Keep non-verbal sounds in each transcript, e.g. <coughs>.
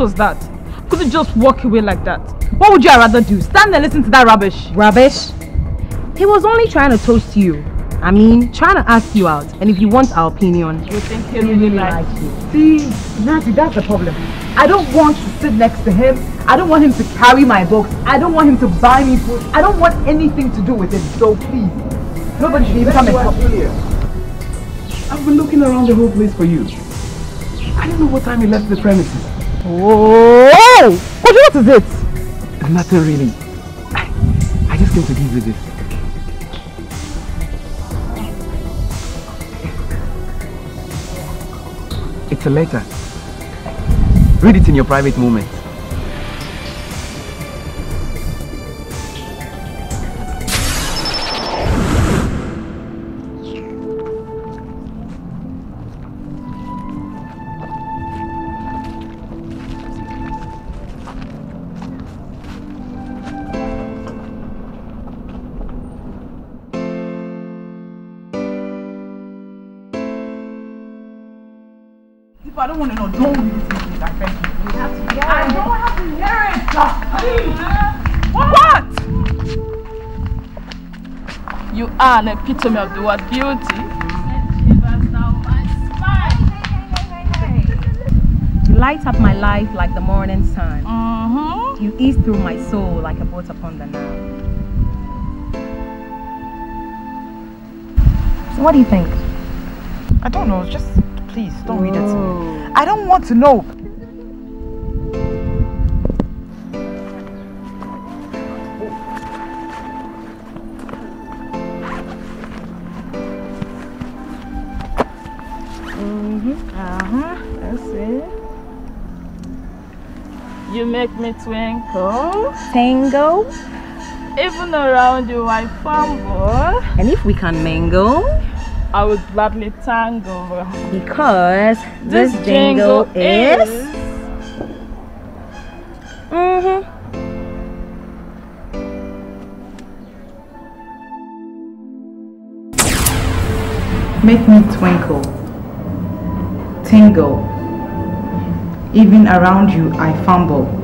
was that? Couldn't just walk away like that. What would you rather do? Stand and listen to that rubbish? Rubbish? He was only trying to toast you. I mean, trying to ask you out. And if you want our opinion, you think he really, really likes like you. See, Nancy, that's the problem. I don't want to sit next to him. I don't want him to carry my books. I don't want him to buy me food. I don't want anything to do with it. So please, nobody should even come and talk to you. I've been looking around the whole place for you. I don't know what time you left the premises. Oh! What is it? Nothing really. I, I just came to give you this. It's a letter. Read it in your private moment. an epitome of the word beauty. You light up my life like the morning sun. Mm-hmm. You ease through my soul like a boat upon the Nile. So what do you think? I don't know. Just please don't read it to me. I don't want to know. make me twinkle, tango, even around you I fumble. And if we can mingle, I would gladly tango. Because this, this jingle, jingle, is... is... Mm hmm Make me twinkle, tingle, even around you I fumble.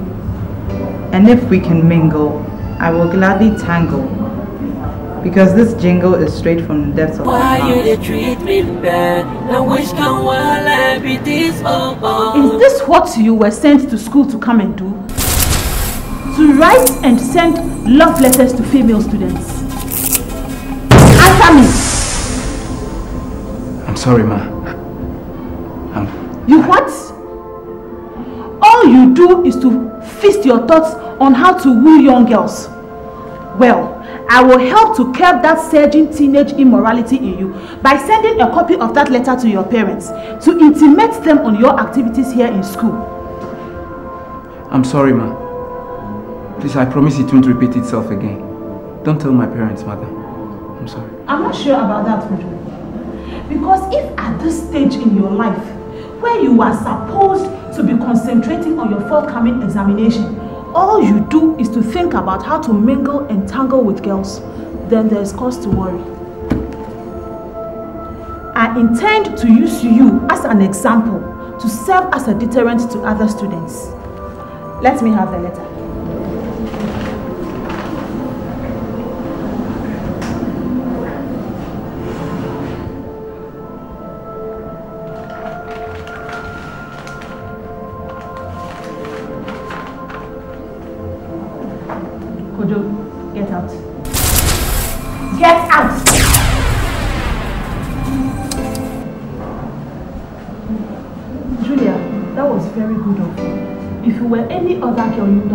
And if we can mingle, I will gladly tangle. Because this jingle is straight from the depths of Why my heart. you treat me bad? I wish come while I be this Is this what you were sent to school to come and do? To write and send love letters to female students? Answer me! I'm sorry, ma. I'm... You what? All you do is to feast your thoughts on how to woo young girls. Well, I will help to curb that surging teenage immorality in you by sending a copy of that letter to your parents to intimate them on your activities here in school. I'm sorry, ma. Please, I promise it won't repeat itself again. Don't tell my parents, mother. I'm sorry. I'm not sure about that, Udo. Because if at this stage in your life, where you are supposed to be concentrating on your forthcoming examination, all you do is to think about how to mingle and tangle with girls. Then there's cause to worry. I intend to use you as an example to serve as a deterrent to other students. Let me have the letter.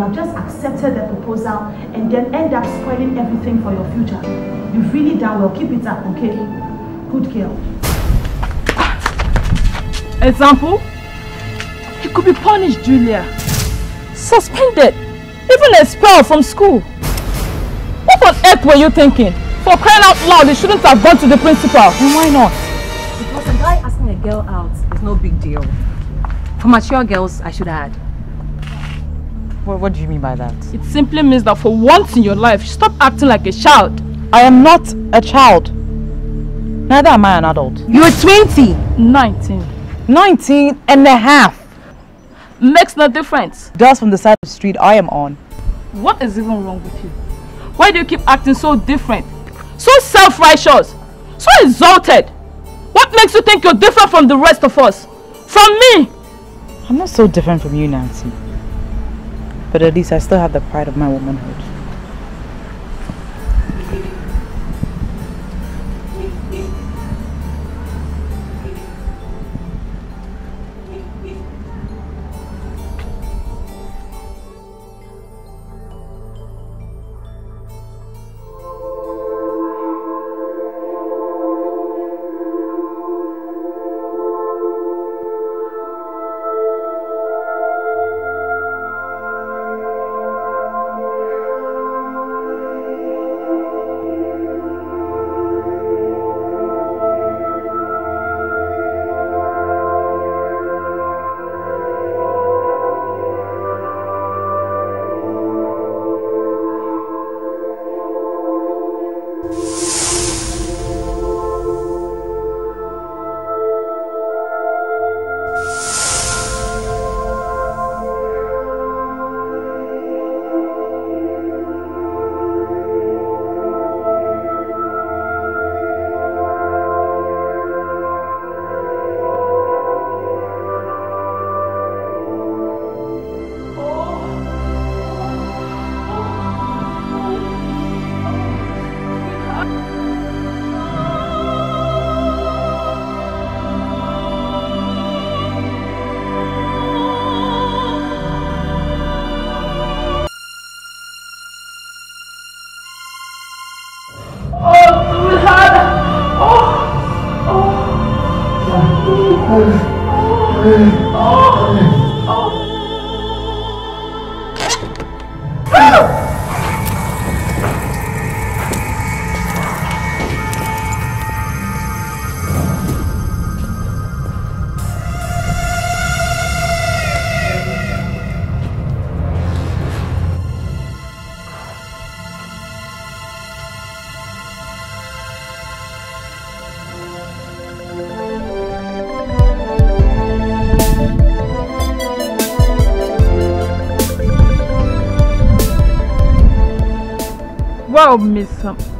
have just accepted the proposal and then end up spoiling everything for your future. You've really done well. Keep it up, okay? Good girl. Example? He could be punished, Julia. Suspended. Even expelled from school. What on earth were you thinking? For crying out loud, they shouldn't have gone to the principal. And why not? Because a guy asking a girl out is no big deal. For mature girls, I should add. What, what do you mean by that? It simply means that for once in your life, stop acting like a child. I am not a child. Neither am I an adult. You're 20. 19. 19 and a half. Makes no difference. That's from the side of the street I am on. What is even wrong with you? Why do you keep acting so different? So self-righteous? So exalted? What makes you think you're different from the rest of us? From me? I'm not so different from you, Nancy. But at least I still have the pride of my womanhood.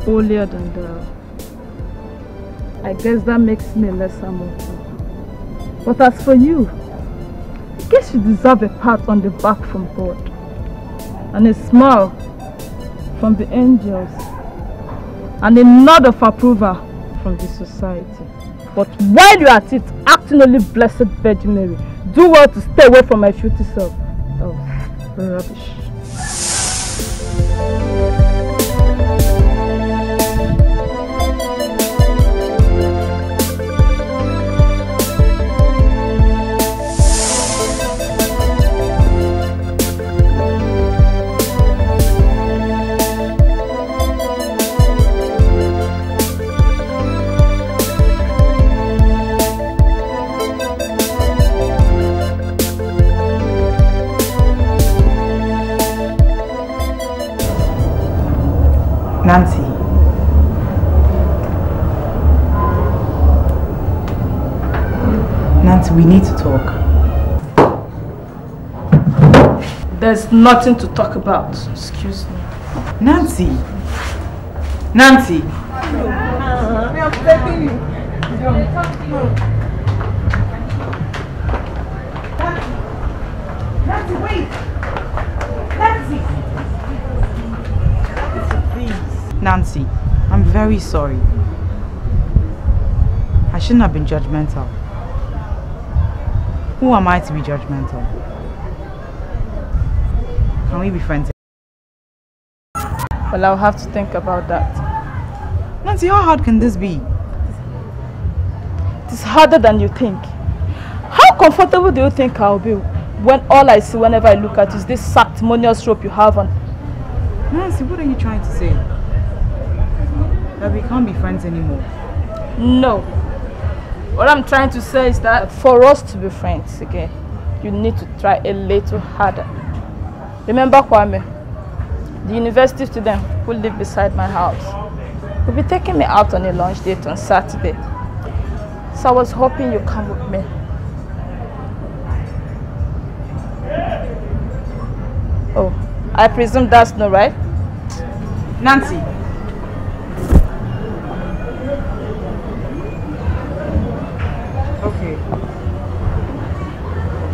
holier than thou. I guess that makes me less lesser But as for you, I guess you deserve a pat on the back from God and a smile from the angels and a nod of approval from the society. But while you are at it, acting only blessed Virgin Mary, do well to stay away from my future self. Oh rubbish. nothing to talk about. Excuse me. Nancy! Nancy! Nancy, wait! Nancy! Nancy, I'm very sorry. I shouldn't have been judgmental. Who am I to be judgmental? we be friends? Well, I'll have to think about that. Nancy, how hard can this be? It's harder than you think. How comfortable do you think I'll be when all I see whenever I look at is this sanctimonious rope you have on? Nancy, what are you trying to say? That we can't be friends anymore? No. What I'm trying to say is that for us to be friends again, you need to try a little harder. Remember Kwame, the university student who lived beside my house. He'll be taking me out on a lunch date on Saturday. So I was hoping you'd come with me. Oh, I presume that's no right? Nancy. Okay.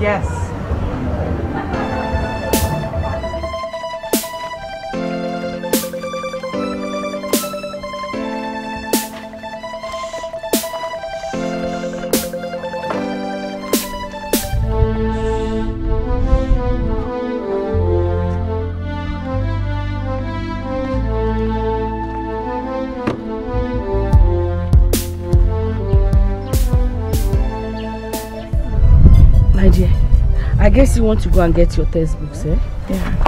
Yes. You want to go and get your textbooks, eh? Yeah.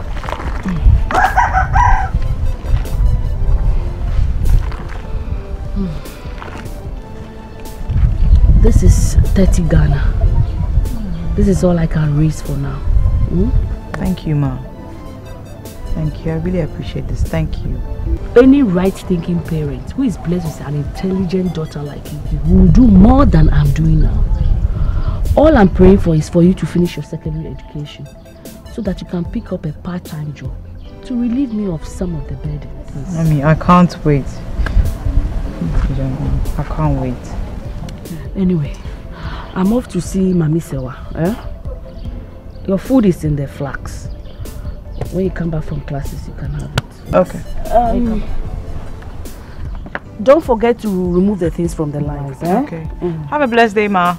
Mm. This is 30 Ghana. This is all I can raise for now. Hmm? Thank you, ma. Thank you. I really appreciate this. Thank you. Any right-thinking parent who is blessed with an intelligent daughter like you will do more than I'm doing now. All I'm praying for is for you to finish your secondary education so that you can pick up a part-time job to relieve me of some of the burden, I mean, I can't wait. I can't wait. Anyway, I'm off to see Mami Sewa. Eh? Your food is in the flax. When you come back from classes, you can have it. Okay. Um, don't forget to remove the things from the lines. Eh? Okay. Mm. Have a blessed day, Ma.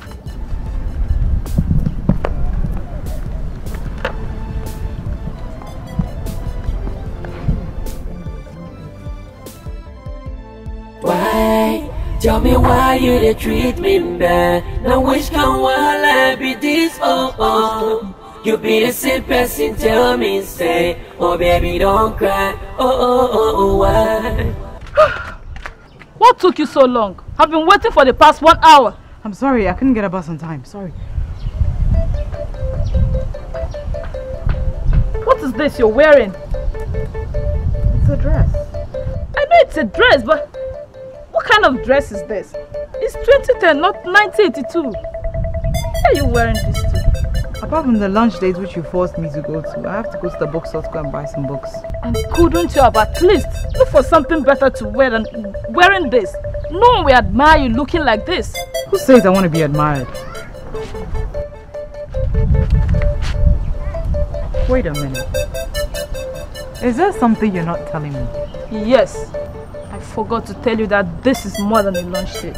Tell me why you dey treat me bad Now wish can while I be this oh oh You be the same person tell me say Oh baby don't cry oh oh oh, oh why <sighs> What took you so long? I've been waiting for the past one hour I'm sorry I couldn't get a bus on time sorry What is this you're wearing? It's a dress I know it's a dress but what kind of dress is this? It's 2010, not 1982. Why are you wearing this too? Apart from the lunch date which you forced me to go to, I have to go to the bookstore to go and buy some books. And couldn't you have at least look for something better to wear than wearing this? No one will admire you looking like this. Who says I want to be admired? Wait a minute. Is there something you're not telling me? Yes forgot to tell you that this is more than a lunch date.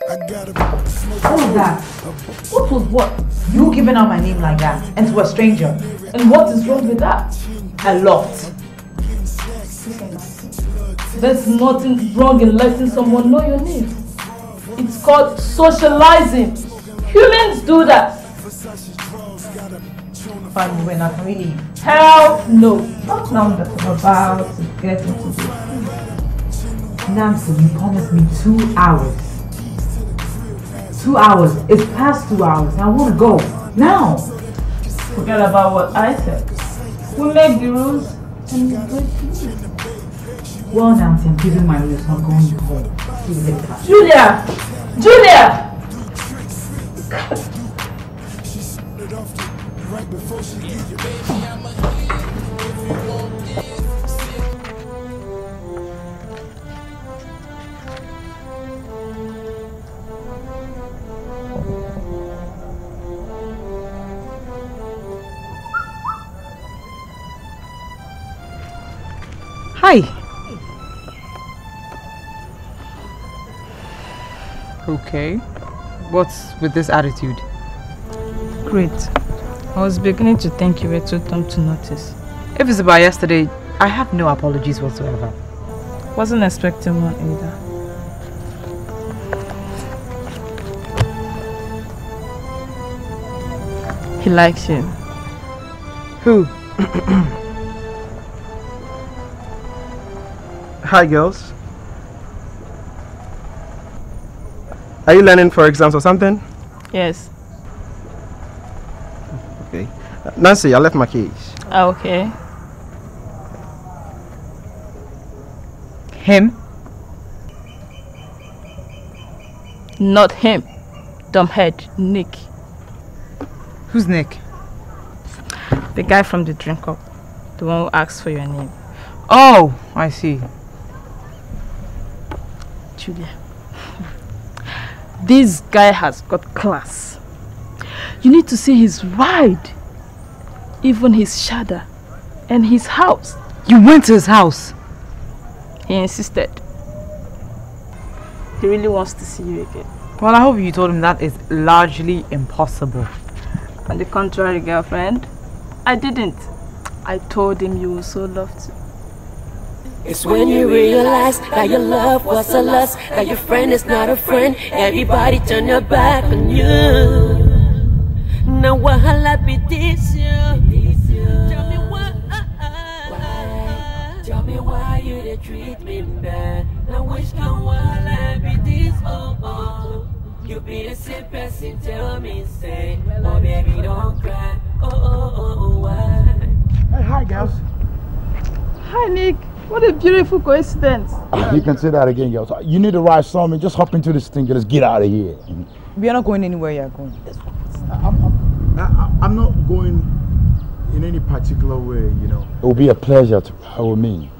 What was that? What was what? You giving out my name like that and to a stranger? And what is wrong with that? A lot. There's nothing wrong in letting someone know your name. It's called socializing. Humans do that. Fine, we're not really. Hell no. Not now that I'm about to get into this. Namsi, you promised me two hours. Two hours. It's past two hours. I want to go. Now. Forget about what I said. We make the rules and break the rules. Well, I'm giving my response going home. Julia! Julia! Okay. What's with this attitude? Great. I was beginning to think you were too dumb to notice. If it's about yesterday, I have no apologies whatsoever. Wasn't expecting one either. He likes you. Who? <clears throat> Hi, girls. Are you learning for exams or something? Yes. Okay. Nancy, I left my keys. Oh, okay. Him? Not him. Dumbhead, Nick. Who's Nick? The guy from the drink up. The one who asked for your name. Oh, I see. Julia. This guy has got class. You need to see his ride, even his shadow, and his house. You went to his house? He insisted. He really wants to see you again. Well, I hope you told him that is largely impossible. On the contrary, girlfriend, I didn't. I told him you so loved to. It's when you realize that your love was a lust, that your friend is not a friend. Everybody turn their back on you. Now why'll I be this you? Tell me why. why? Tell me why you treat me bad. Now which come why I be this oh oh? You be the same person. Tell me say, oh baby don't cry. Oh oh oh, oh why? Hey, hi guys. Hi Nick. What a beautiful coincidence. you can say that again, girls. You need to ride and Just hop into this thing. Just get out of here. We are not going anywhere you are going. I'm, I'm, I'm not going in any particular way, you know. It will be a pleasure to have me.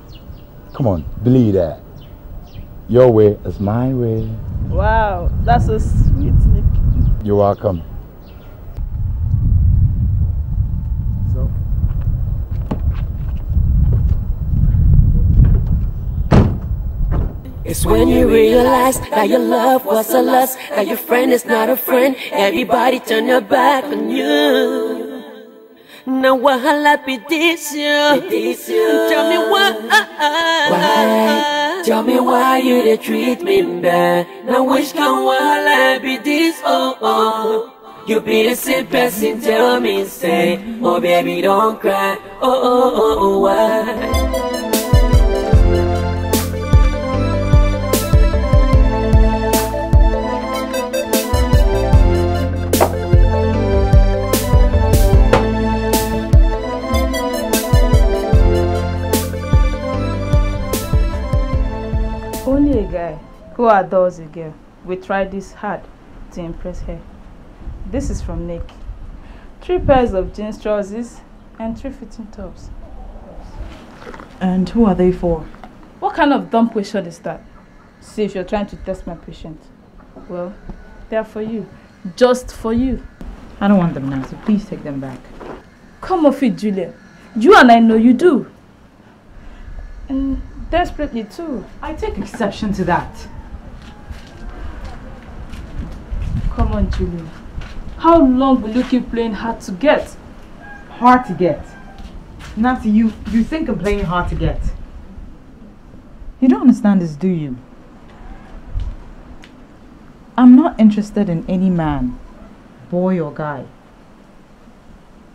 Come on, believe that. Your way is my way. Wow, that's a sweet, Nick. You're welcome. It's when you realize that your love was a lust, that your friend is not a friend. Everybody turn their back on you. Now wahala be this you. this you. Tell me uh, uh, why. Why? Uh. Tell me why you did treat me bad. Now which can wahala be this oh oh. You be the same person, tell me, say, oh baby, don't cry, oh, oh, oh, oh why? Who adores a girl? We tried this hard to impress her. This is from Nick. Three pairs of jeans trousers and three fitting tops. And who are they for? What kind of dumb question is that? See if you're trying to test my patience. Well, they're for you. Just for you. I don't want them now, so please take them back. Come off it, Julia. You and I know you do. And desperately too. I take exception to that. Come on, Julie. How long will you keep playing hard to get? Hard to get? Nancy, you, you think I'm playing hard to get. You don't understand this, do you? I'm not interested in any man, boy or guy.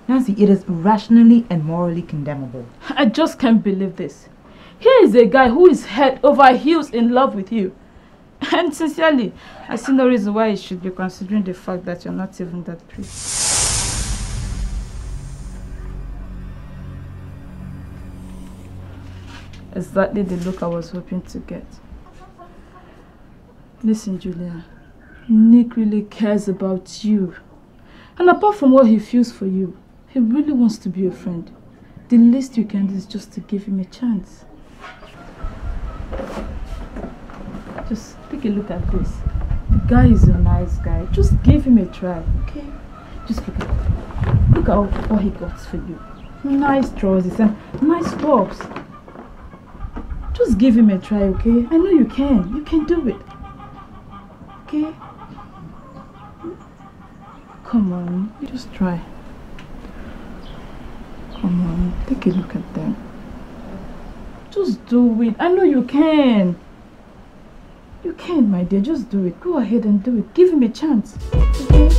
Nancy, it is rationally and morally condemnable. I just can't believe this. Here is a guy who is head over heels in love with you. <laughs> And sincerely, I see no reason why you should be considering the fact that you're not even that pretty. Exactly the look I was hoping to get. Listen, Julia, Nick really cares about you. And apart from what he feels for you, he really wants to be your friend. The least you can do is just to give him a chance. Just Take a look at this. The guy is a nice guy. Just give him a try, okay? Just look at Look at what he got for you. Nice trousers and nice clothes. Just give him a try, okay? I know you can. You can do it. Okay? Come on. Just try. Come on. Take a look at them. Just do it. I know you can. You can, my dear. Just do it. Go ahead and do it. Give him a chance. Okay?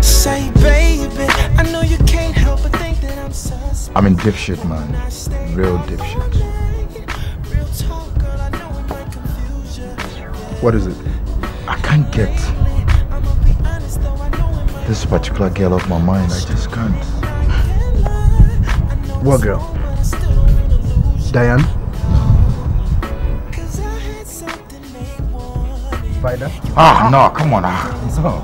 Say, baby, I know you can't help but think that I'm suspect. I'm in dipshit, man. Real dipshit. What is it? I can't get this particular girl off my mind. I just can't. What girl? Diane. Spider. Ah, no, come on. Ah. No.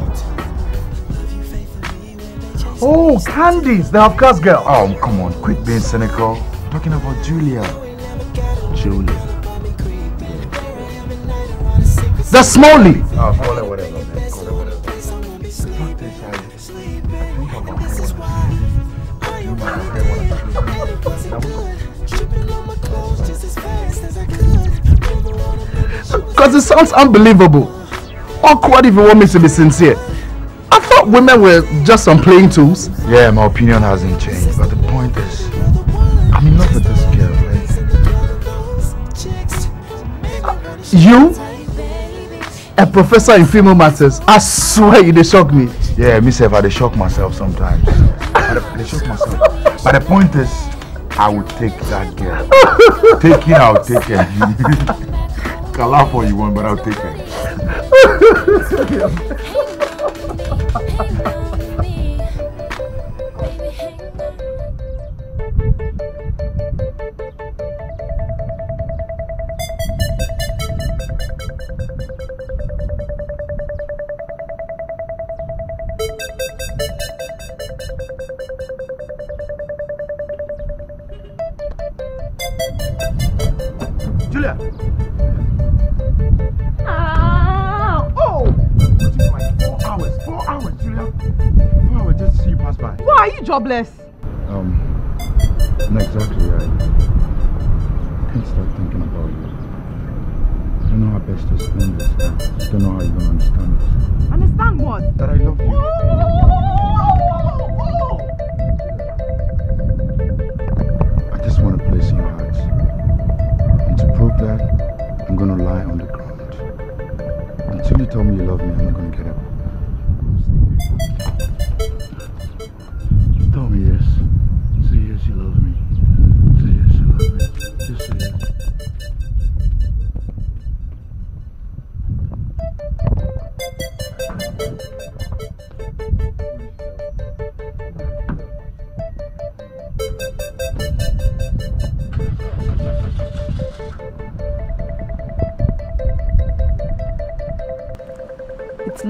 Oh, Candice, the half-caste girl. Oh, come on, quit being cynical. I'm talking about Julia. Julia. The Smalley. Oh, whatever. it sounds unbelievable. Awkward if you want me to be sincere. I thought women were just some playing tools. Yeah, my opinion hasn't changed, but the point is, I'm in love with this girl, right? Uh, you? A professor in female matters. I swear you they shock me. Yeah, myself, I they shock myself sometimes. they shock myself. But the point is, I will take that girl. take it, I'll take it. <laughs> can laugh all you want, but I'll take it. <laughs>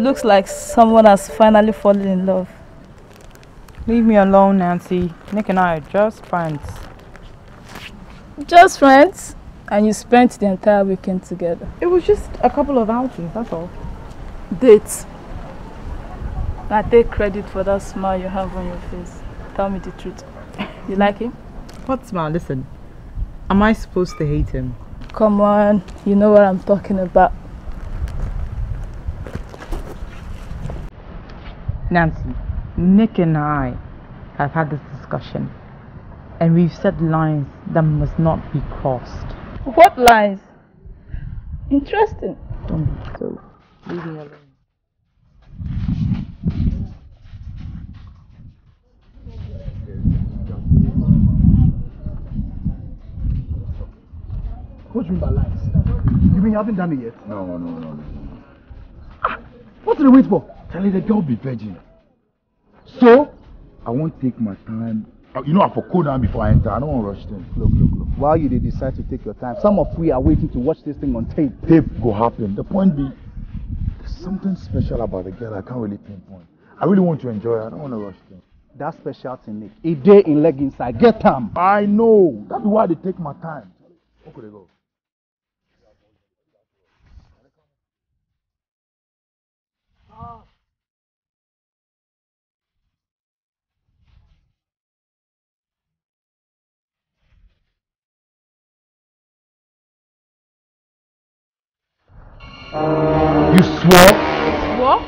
looks like someone has finally fallen in love. Leave me alone, Nancy. Nick and I are just friends. Just friends? And you spent the entire weekend together? It was just a couple of outings, that's all. Dates. I take credit for that smile you have on your face. Tell me the truth. You like him? What smile? Listen, am I supposed to hate him? Come on, you know what I'm talking about. Nancy, Nick and I have had this discussion, and we've set lines that must not be crossed. What lines? Interesting. Don't be so. Leave me alone. What do you mean by lies? You mean you haven't done it yet? No, no, no, no. no. Ah, what do the wait for? Tell her the girl be virgin. So, I won't take my time. Uh, you know, I for cool down before I enter. I don't want to rush things. Look, look, look. While you decide to take your time, some of we are waiting to watch this thing on tape. Tape go happen. The point be, there's something special about the girl I can't really pinpoint. I really want to enjoy her. I don't want to rush things. That special thing, Nick. A day in leg inside. Get them. I know. That's why they take my time. Where could they go? You swore? Swore?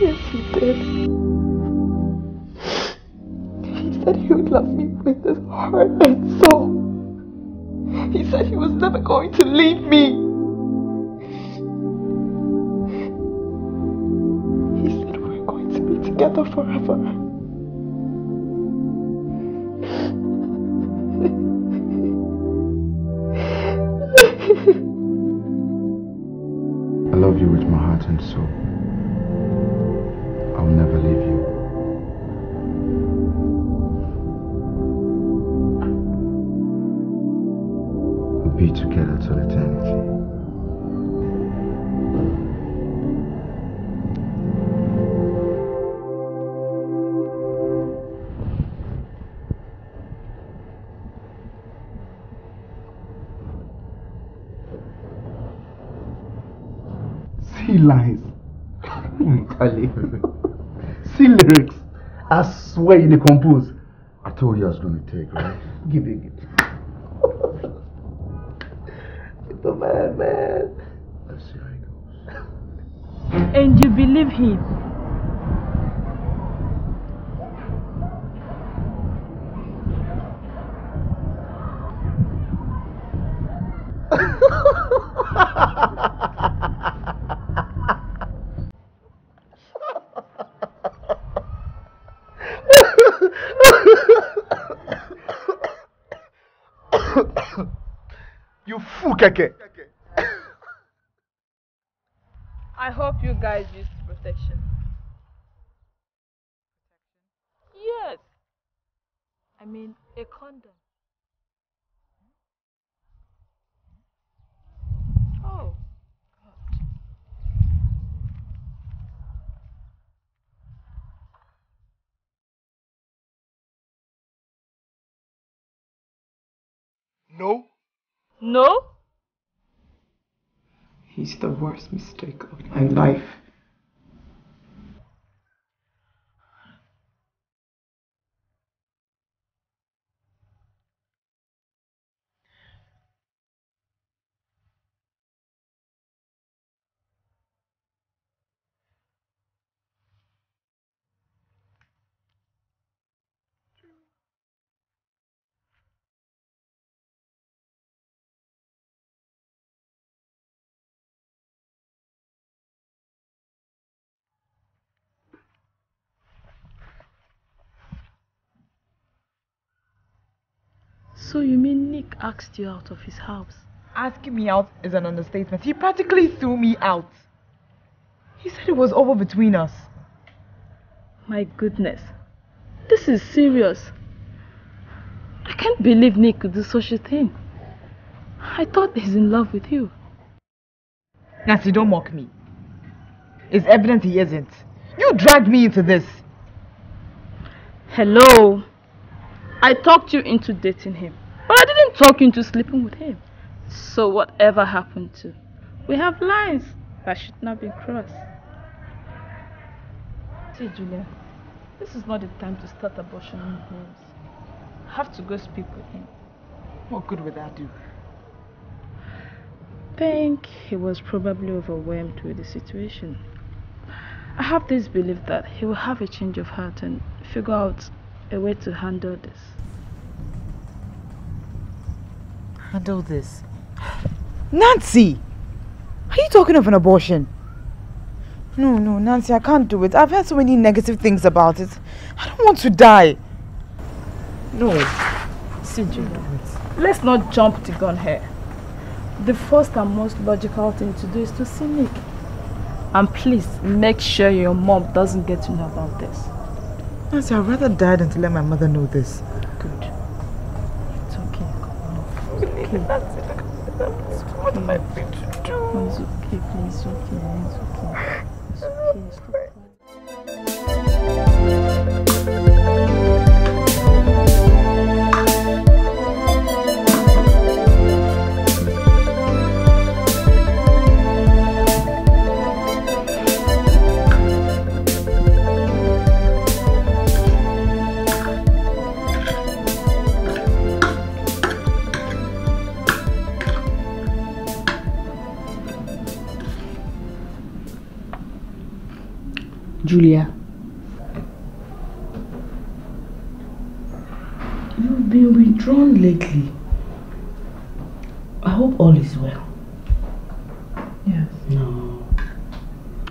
Yes, he did. He said he would love me with his heart and soul. He said he was never going to leave me. He said we are going to be together forever. love you with my heart and soul. where you compose. I told you I was going to take, right? give it, give it. it's a man, man. Let's see how goes. And you believe him? <coughs> you fool, Keke. I hope you guys used protection. Yes. I mean, a condom. Oh. No. No? He's the worst mistake of my life. asked you out of his house. Asking me out is an understatement. He practically threw me out. He said it was over between us. My goodness. This is serious. I can't believe Nick could do such a thing. I thought he's in love with you. Nancy, don't mock me. It's evident he isn't. You dragged me into this. Hello. I talked you into dating him. But I didn't talk into sleeping with him. So whatever happened to, we have lines that should not be crossed. See, Julia, this is not the time to start abortioning homes. I have to go speak with him. What good would that do? I think he was probably overwhelmed with the situation. I have this belief that he will have a change of heart and figure out a way to handle this. handle this. Nancy! Are you talking of an abortion? No, no, Nancy, I can't do it. I've heard so many negative things about it. I don't want to die. No, Sidri, let's not jump the gun here. The first and most logical thing to do is to see Nick. And please, make sure your mom doesn't get to know about this. Nancy, I'd rather die than to let my mother know this. okay. That's it. That's what I'm to do. It's okay, please, okay, it's okay. Julia. You've been withdrawn lately. I hope all is well. Yes. No.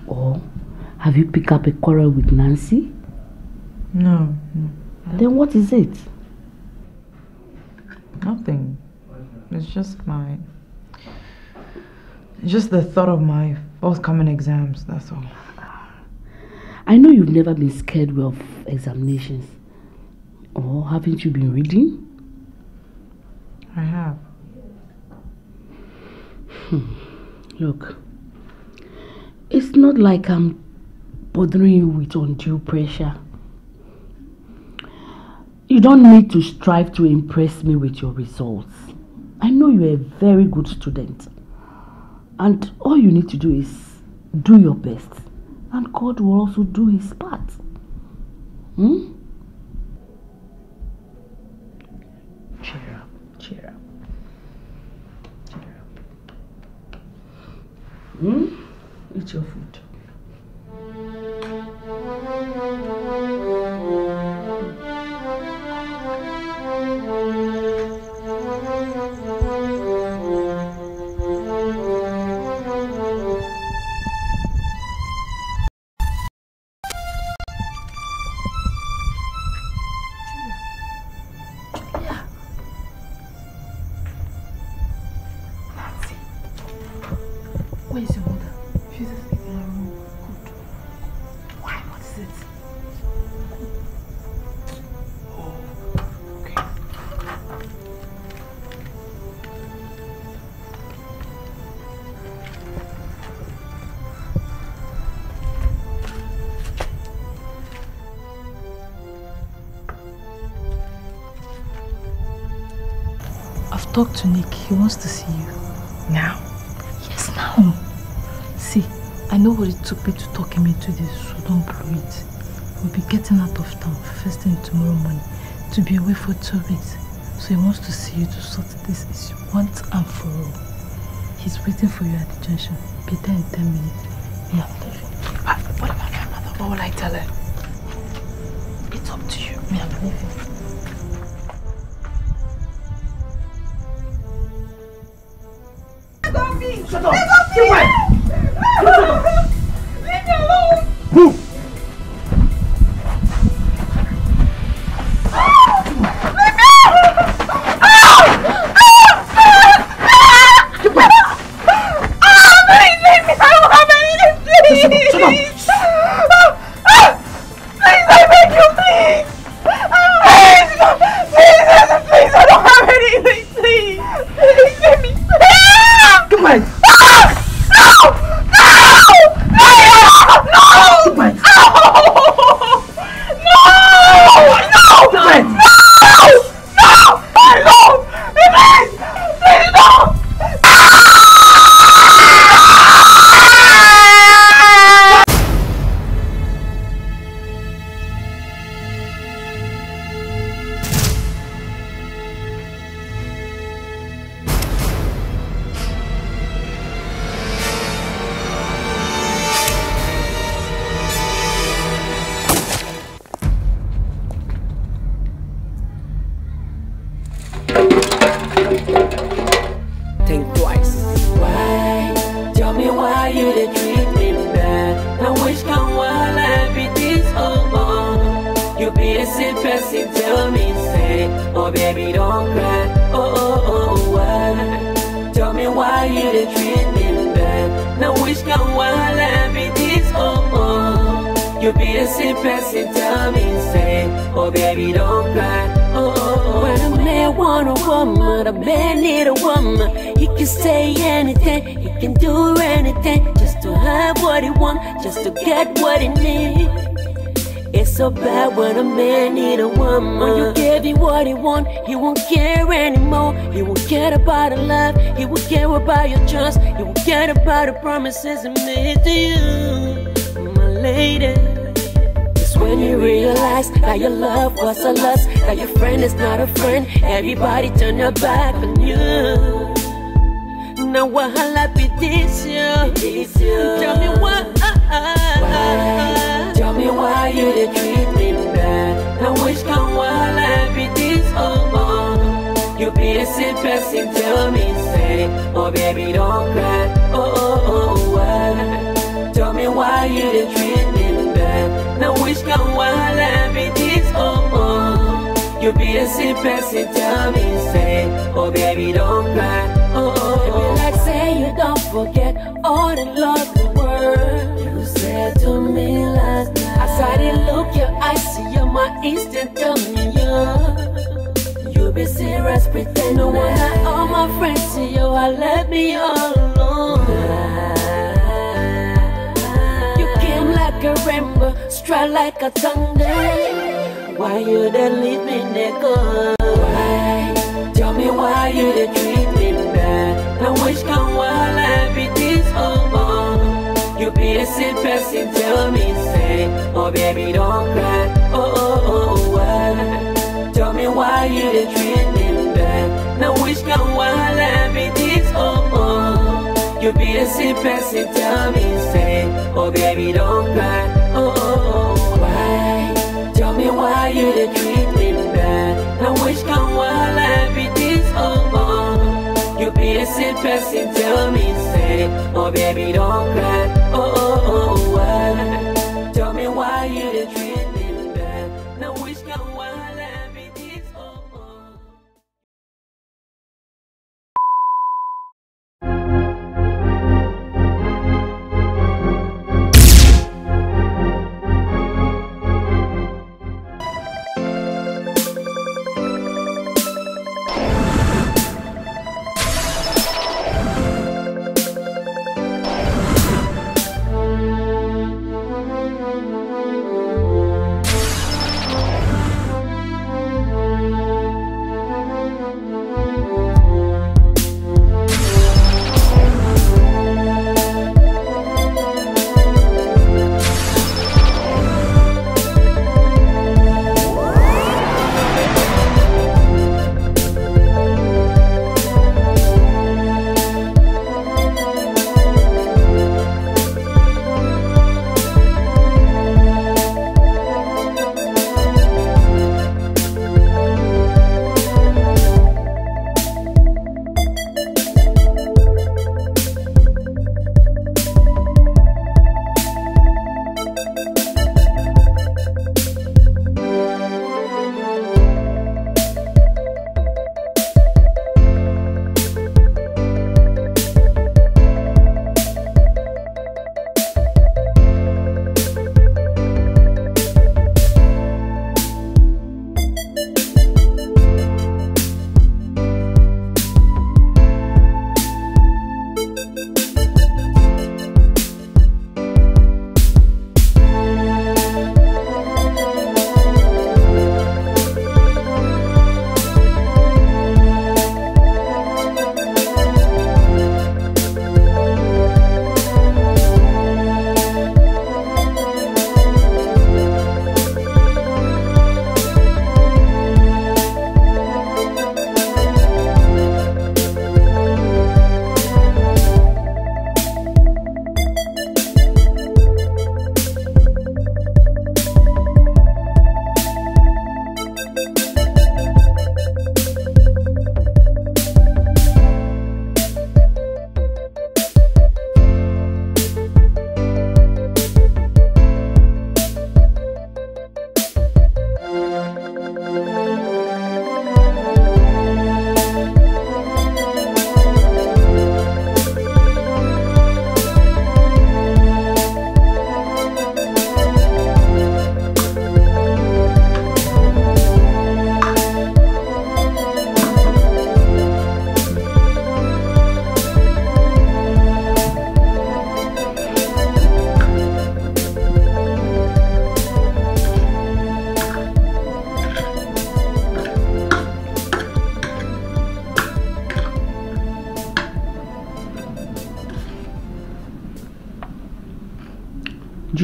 Or have you picked up a quarrel with Nancy? No, no. Then what is it? Nothing. It's just my... Just the thought of my forthcoming exams, that's all. I know you've never been scared of examinations. Or haven't you been reading? I have. Hmm. Look, it's not like I'm bothering you with undue pressure. You don't need to strive to impress me with your results. I know you're a very good student. And all you need to do is do your best and God will also do his part. Hmm? Cheer up, cheer up, cheer up. Hmm? Eat your food. to Nick. He wants to see you. Now? Yes, now. See, I know what it took me to talk him into this, so don't blow it. We'll be getting out of town first thing tomorrow morning to be away for two weeks. So he wants to see you to sort this issue once and for all. He's waiting for you at the junction. Be there in 10 minutes. Yeah. What about my mother? What will I tell her?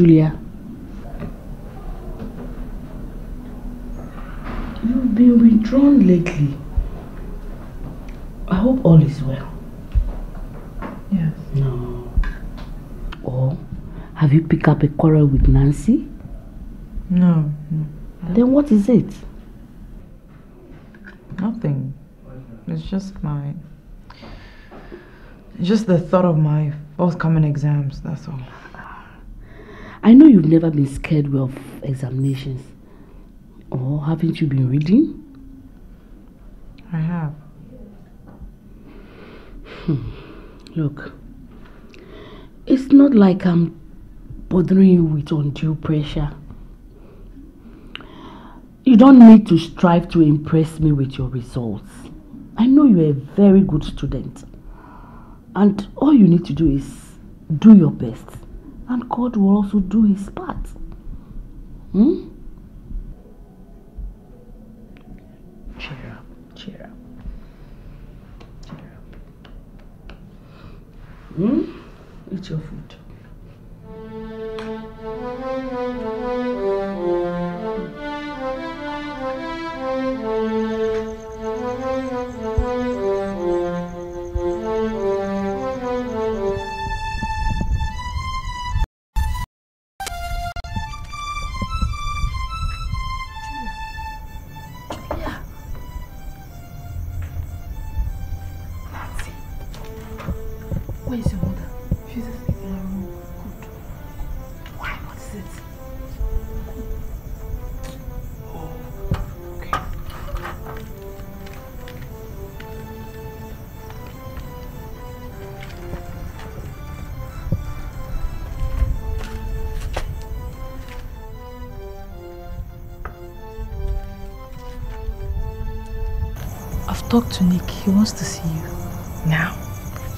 Julia. You've been withdrawn lately. I hope all is well. Yes. No. Or have you picked up a quarrel with Nancy? No. no. Then what is it? Nothing. It's just my... Just the thought of my forthcoming exams, that's all. I know you've never been scared of examinations. Or haven't you been reading? I have. Hmm. Look, it's not like I'm bothering you with undue pressure. You don't need to strive to impress me with your results. I know you're a very good student. And all you need to do is do your best and God will also do his part. Hmm? Cheer up, cheer up, Hmm? Eat your food. Talk to Nick. He wants to see you. Now?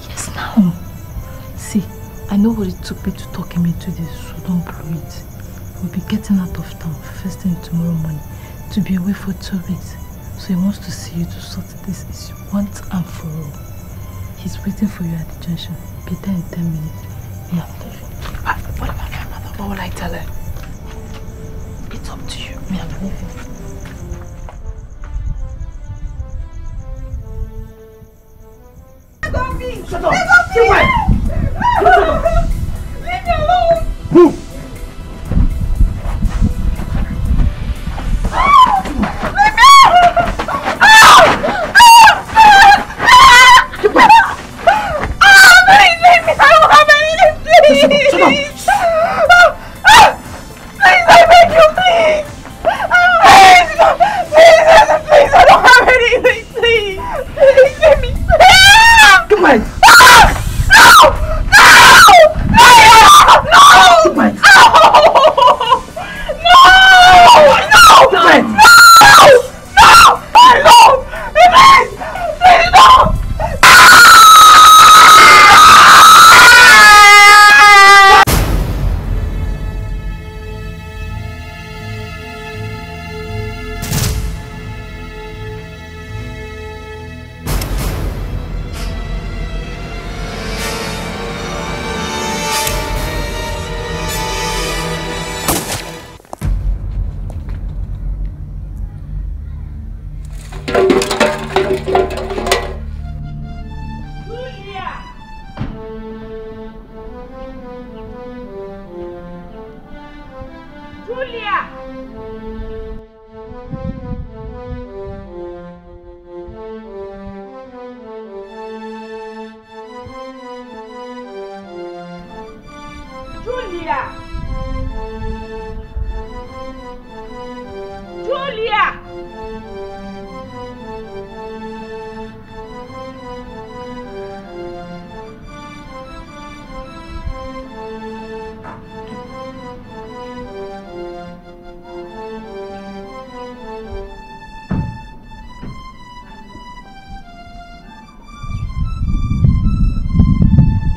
Yes, now. See, I know what it took me to talk him into this, so don't blow it. We'll be getting out of town first thing tomorrow morning to be away for two weeks. So he wants to see you to sort this issue once and for all. He's waiting for you at the junction. Be there in 10 minutes. Yeah. Ah, what about my mother? What will I tell her? It's up to you. We leaving. 别走！救命！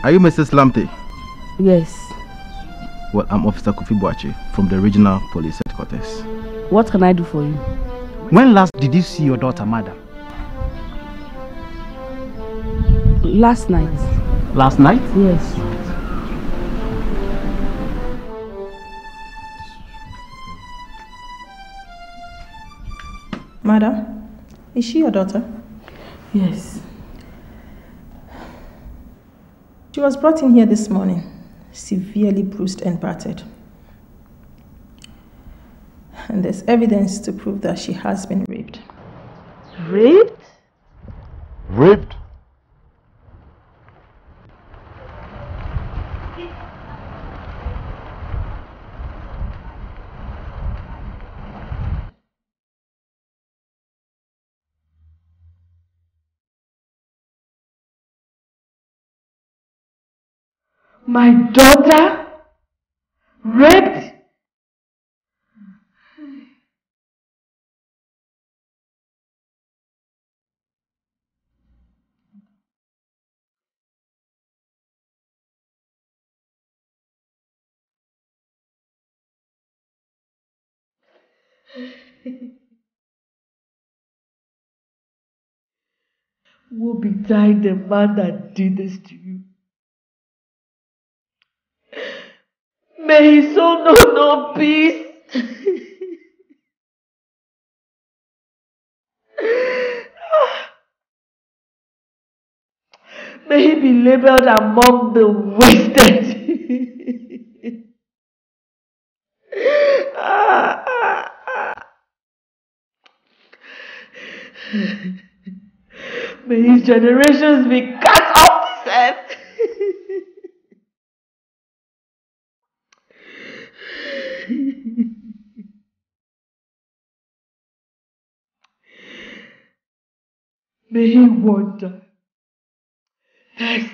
Are you Mrs. Lamte? Yes. Well, I'm Officer Kofi Boache from the Regional Police Headquarters. What can I do for you? When last did you see your daughter, madam? Last night. Last night? Yes. Madam, is she your daughter? Yes. She was brought in here this morning, severely bruised and battered. And there's evidence to prove that she has been raped. Raped? Raped? my daughter raped? <laughs> Woe betide the man that did this to you. mais ils sont nos, May he be labeled among the wasted. <laughs> May his generations be cut. May he wander. Yes.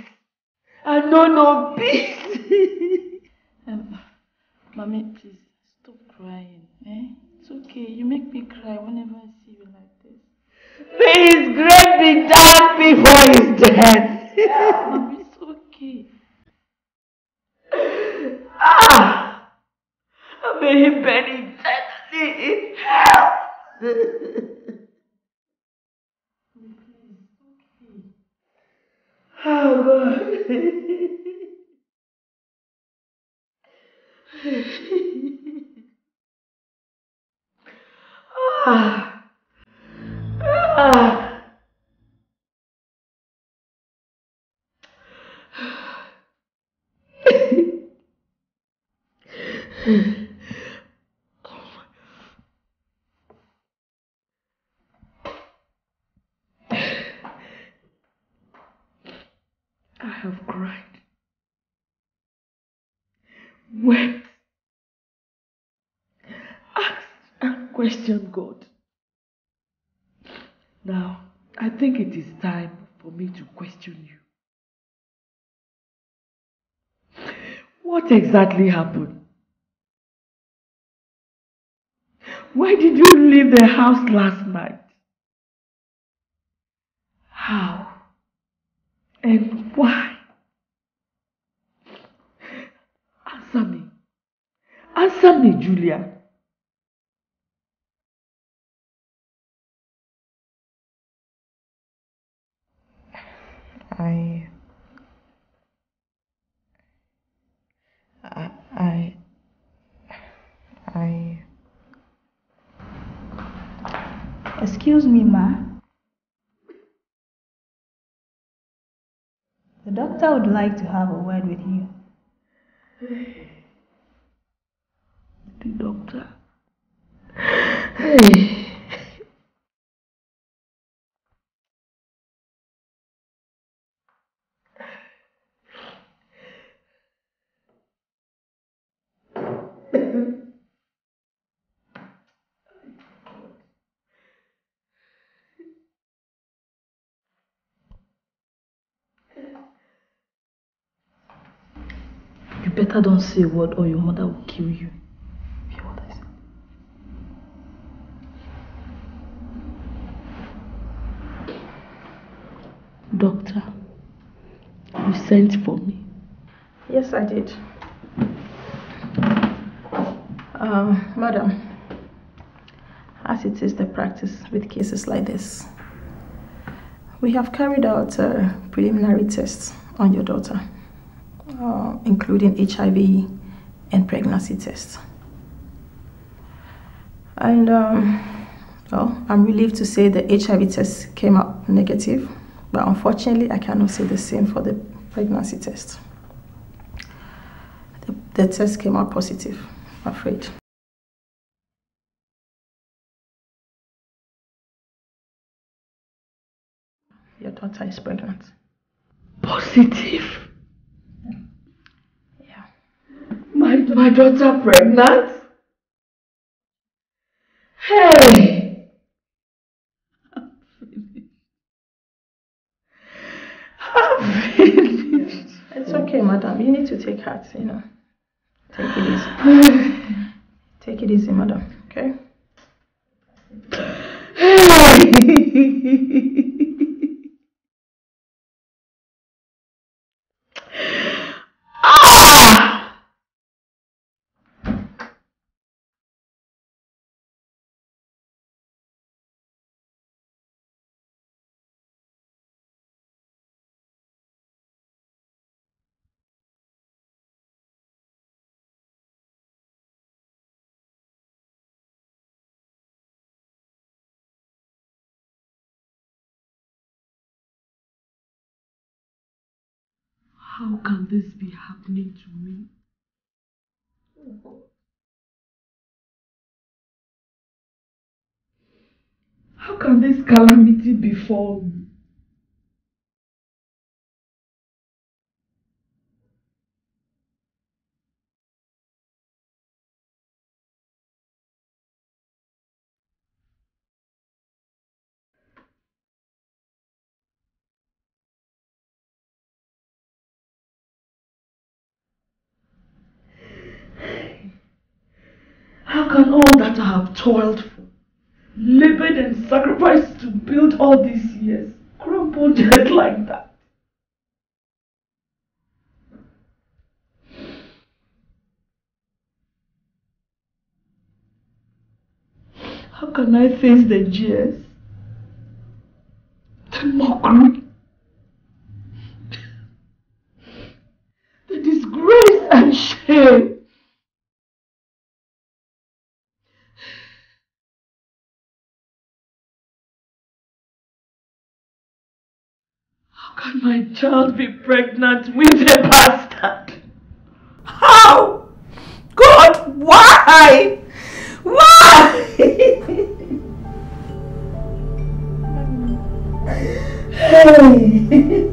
I know no peace. um, mommy, please stop crying. Eh? It's okay. You make me cry whenever I see you like this. May his grave be dark before his death. mommy, it's okay. Ah! May he burn eternally in hell. Oh, God. <laughs> ah. Ah. question God. Now, I think it is time for me to question you. What exactly happened? Why did you leave the house last night? How? And why? Answer me. Answer me, Julia. I I I Excuse me, ma. The doctor would like to have a word with you. <sighs> The doctor. <sighs> <sighs> Hey. You better don't say a word or your mother will kill you. Doctor, you sent for me. Yes, I did um, madam, um, as it is the practice with cases like this, we have carried out uh, preliminary tests on your daughter, uh, including HIV and pregnancy tests. And, um, well, I'm relieved to say the HIV test came up negative, but unfortunately, I cannot say the same for the pregnancy test. The, the test came out positive afraid. Your daughter is pregnant. Positive? Yeah. My, my daughter pregnant? Hey! I'm finished. I'm finished. It's okay, madam. You need to take heart, you know. Take it easy. <laughs> Take it easy, madam. Okay? <laughs> How can this be happening to me? How can this calamity befall me? toiled for, labored and sacrificed to build all these years, crumble <laughs> just like that. How can I face the jeers, the mockery, the disgrace and shame? How can my child be pregnant with a bastard? How? God, why? Why? <laughs> hey.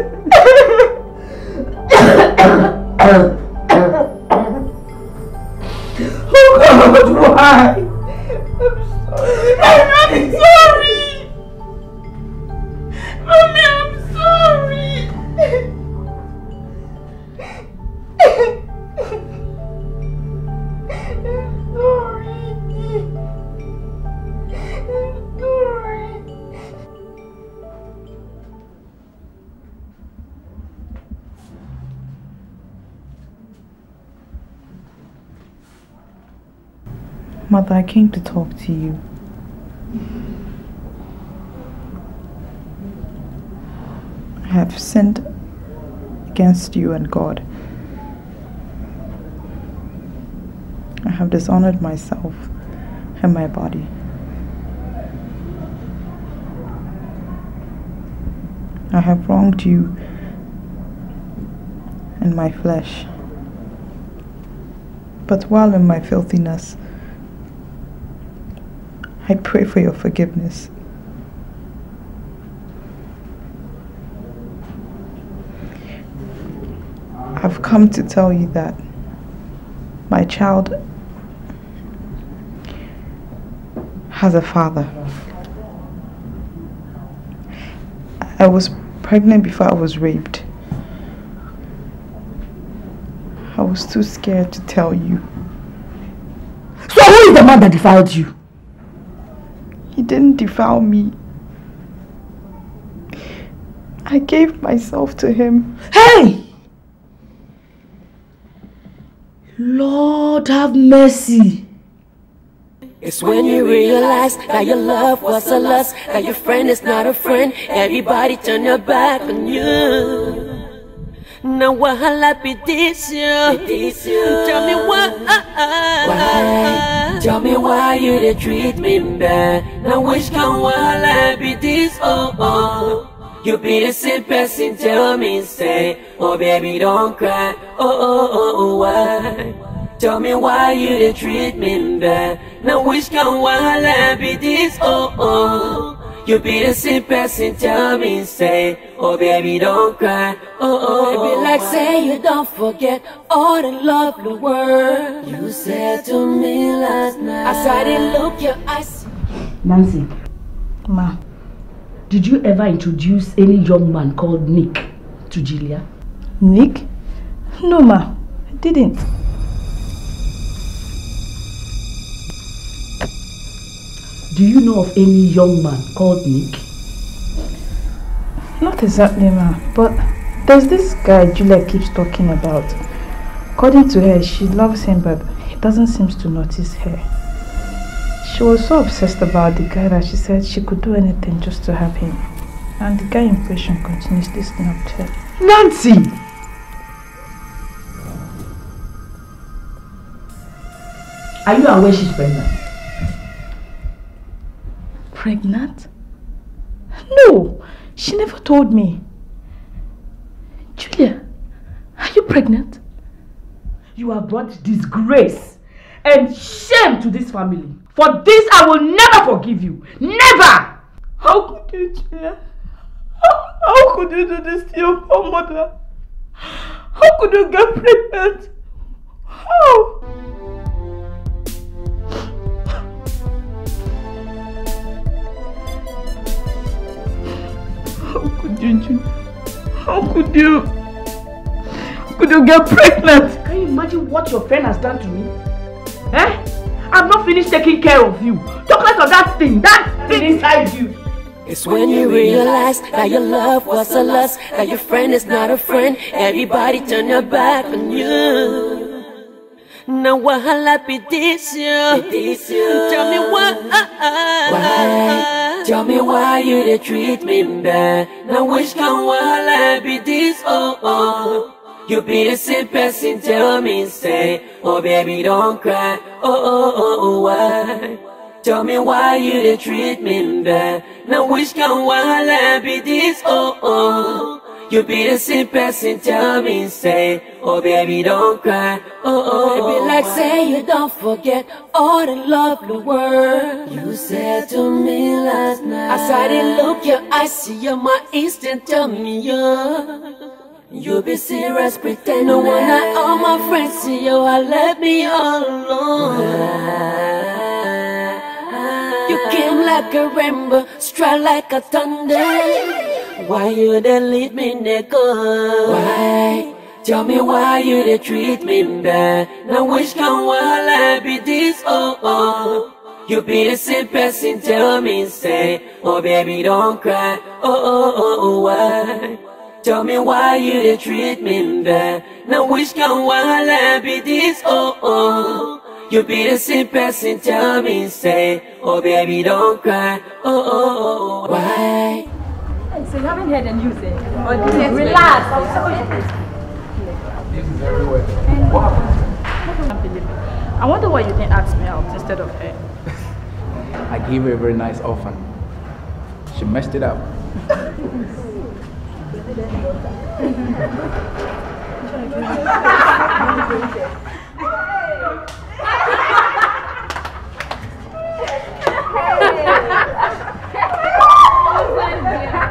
I came to talk to you. I have sinned against you and God. I have dishonored myself and my body. I have wronged you and my flesh. But while in my filthiness, I pray for your forgiveness. I've come to tell you that my child has a father. I was pregnant before I was raped. I was too scared to tell you. So who is the man that defiled you? He didn't defile me. I gave myself to him. Hey! Lord have mercy. It's when you realize that your love was a lust, that your friend is not a friend, everybody turn their back on you. Now why I be this you? Tell me uh, uh, uh, why. Why? Tell me why you they treat me bad Now which can while I be this oh oh You be the same person tell me say Oh baby don't cry oh oh oh, oh why Tell me why you they treat me bad Now which can while I be this oh oh you be the same person, tell me, say, oh baby, don't cry, oh oh. oh. be like say you don't forget all the lovely words you said to me last night. As I didn't look your eyes. Nancy, ma, did you ever introduce any young man called Nick to Julia? Nick? No, ma, I didn't. Do you know of any young man called Nick? Not exactly, ma. But there's this guy Julia keeps talking about. According to her, she loves him, but he doesn't seem to notice her. She was so obsessed about the guy that she said she could do anything just to have him. And the guy impression continues this thing up to her. Nancy! Are you aware she's pregnant? pregnant? No, she never told me. Julia, are you pregnant? You have brought disgrace and shame to this family. For this I will never forgive you. Never! How could you, Julia? How, could you do this to your poor mother? How could you get pregnant? How? Junjun. How could you? could you get pregnant? Can you imagine what your friend has done to me? Eh? I'm not finished taking care of you. Talk less of that thing, that thing inside you. It's when you realize that your love was a lust, that your friend is not a friend. Everybody turned their back on you. Now na wahala this? pitisyo. Tell me why. Why? Tell me why you did treat me bad. Now wish can wahala be this? Oh oh. You be the same person. Tell me say, oh baby, don't cry. Oh oh oh, oh why? Tell me why you did treat me bad. Now which can wahala be this? Oh oh. You be the same person, tell me, say, oh baby, don't cry, oh, oh, oh. be like oh. say you don't forget all the lovely words you said to me last night. I didn't look your eyes, see you my instant, tell me you. You be serious, pretend no one, not all my friends see you, I let me all alone. Ah, ah, ah. You came like a rainbow, strike like a thunder. Why you done leave me, naked? Why? Tell me why you done treat me bad. Now which can while I be this, oh, oh. You be the same person, tell me, say, oh baby, don't cry, oh, oh, oh, oh why? Tell me why you done treat me bad. Now which can while I be this, oh, oh. You be the same person, tell me, say, oh baby, don't cry, oh, oh, oh, oh. why? So you haven't heard the news, yet. yes, relax. This is everywhere. What happened? I wonder why you didn't ask me out instead of her. I gave her a very nice offer. She messed it up. hey. Hey. Hey.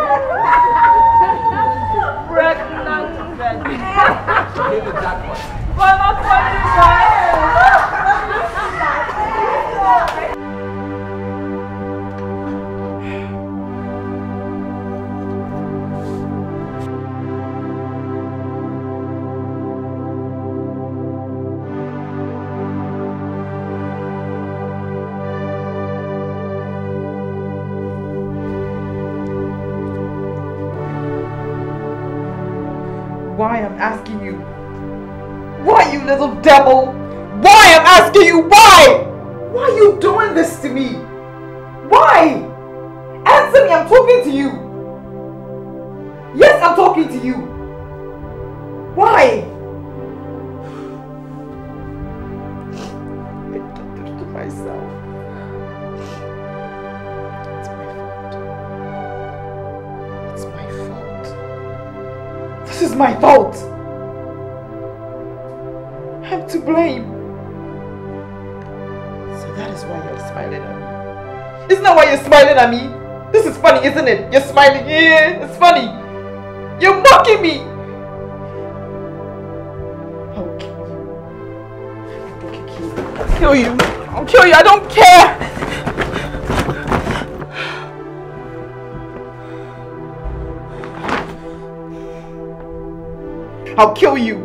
Vamos mal why I'm asking you. Why, you little devil? Why I'm asking you, why? Why are you doing this to me? Why? Answer me, I'm talking to you. Yes, I'm talking to you. Why? my fault. I'm to blame. So that is why you're smiling at me. Isn't that why you're smiling at me? This is funny, isn't it? You're smiling. Yeah, it's funny. You're mocking me. I'll kill you. I'll kill you. I'll kill you. I don't care. I'll kill you.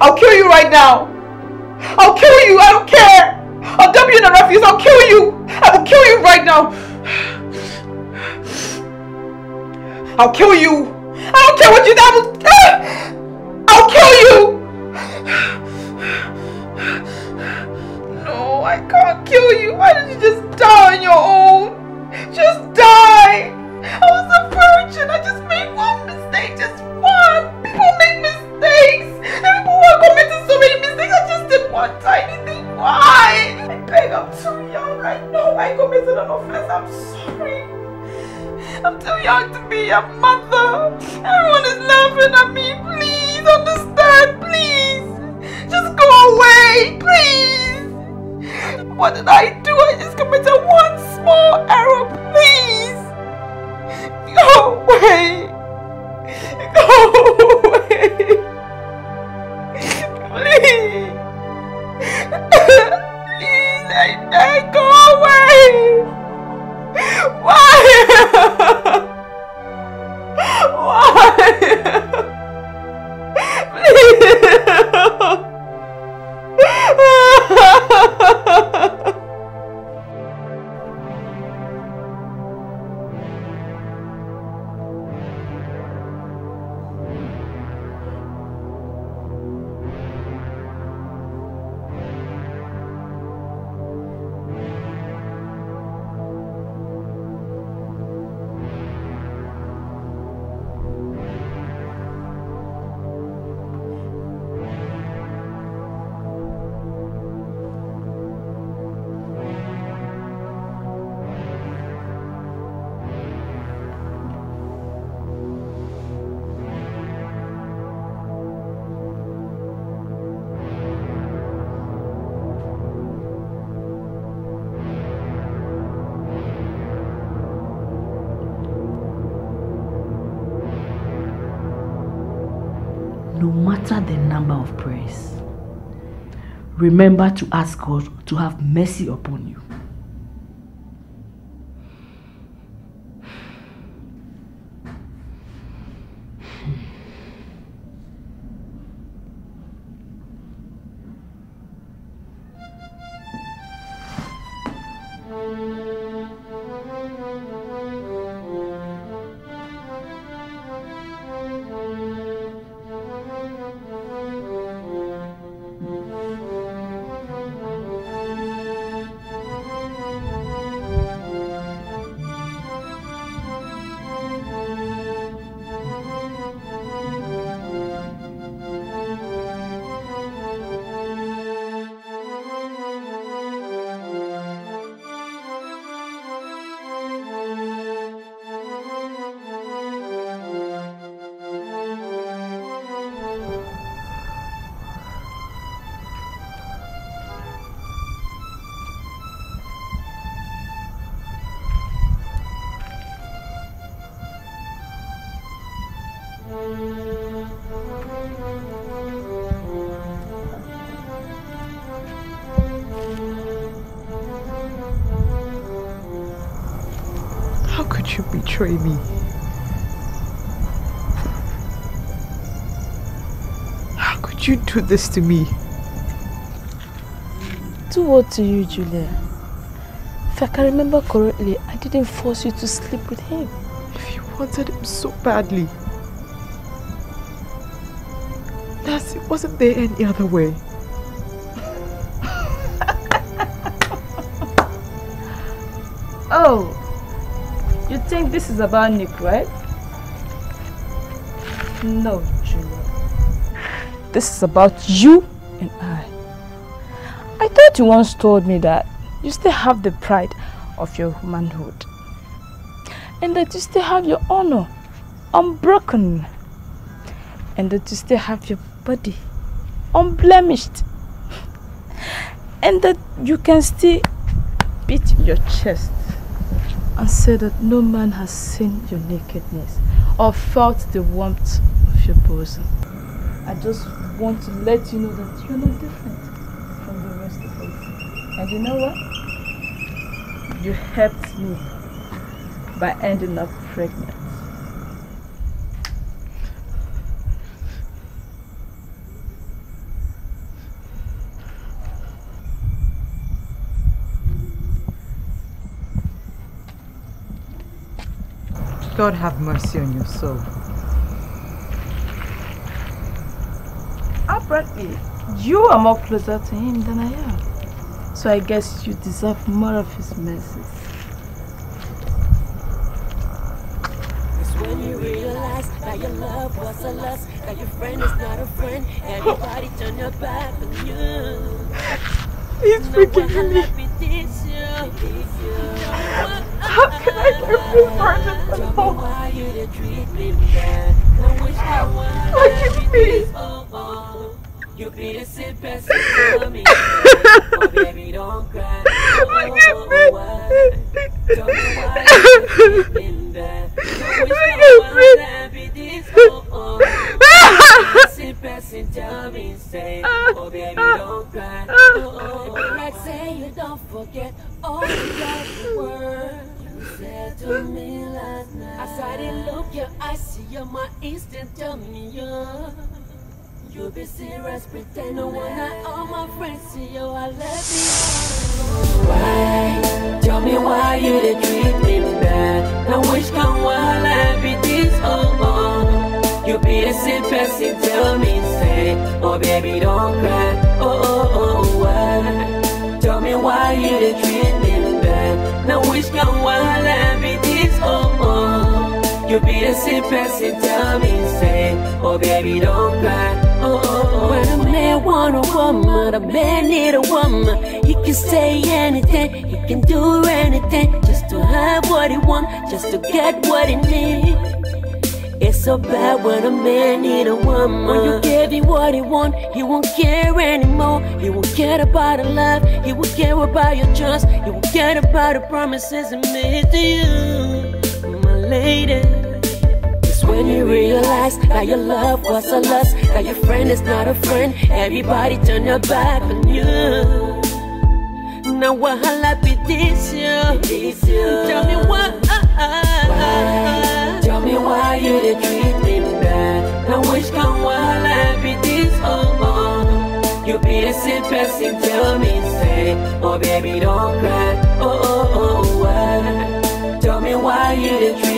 I'll kill you right now. I'll kill you. I don't care. I'll dump you in the refuse. I'll kill you. I will kill you right now. I'll kill you. I don't care what you. I ah! I'll kill you. No, I can't kill you. Why did you just die on your own? a ah, mother. Everyone is laughing at me. Please understand, please. Just go away, please. What did I alter the number of prayers. Remember to ask God to have mercy upon you. do this to me? Do what to you, Julia? If I can remember correctly, I didn't force you to sleep with him. If you wanted him so badly. That's, it wasn't there any other way. <laughs> oh, you think this is about Nick, right? No, this is about you and I. I thought you once told me that you still have the pride of your womanhood. And that you still have your honor unbroken. And that you still have your body unblemished. And that you can still beat your chest and say that no man has seen your nakedness or felt the warmth of your bosom. I just want to let you know that you're not different from the rest of us. And you know what? You helped me by ending up pregnant. God have mercy on your soul. Frankly, you are more closer to him than I am. So I guess you deserve more of his mercies. It's when you realize that your love was a lust, that your friend is not a friend, everybody turn your back on you. He's freaking me. How can I get this person from home? Look at me. You innocent person for me. Oh, baby, don't cry. Oh, oh, why? Tell me why you've been there. Don't wish no one happy this. Oh, oh. Innocent person, tell me, say. Oh, baby, don't cry. Oh, oh. Like say you don't forget all the words You said to me last night. I saw it look your eyes, you're my instant dummy, yeah. You be serious, pretend no one not all my friends see you, I left you Why, tell me why you did treat me bad Now wish can while I be this all oh, on oh. You be a simple person, tell me say Oh baby don't cry, oh oh oh why Tell me why you did treat me bad Now wish can while I be this all oh, on you be a simple person, tell me, say, oh baby, don't cry when a man want a woman, a man need a woman. He can say anything, he can do anything, just to have what he want, just to get what he need. It's so bad when a man need a woman. When you give him what he want, he won't care anymore. He won't care about the love, he won't care about your trust, he won't care about the promises he made to you, my lady when you realize that your love was a lust, that your friend is not a friend. Everybody turn their back on you. Now what'll I be this you? Tell me why. why. Tell me why you did treat me bad. Now which come while I be this oh, oh. You be the same person, tell me say, oh baby don't cry, oh oh oh why? Tell me why you did treat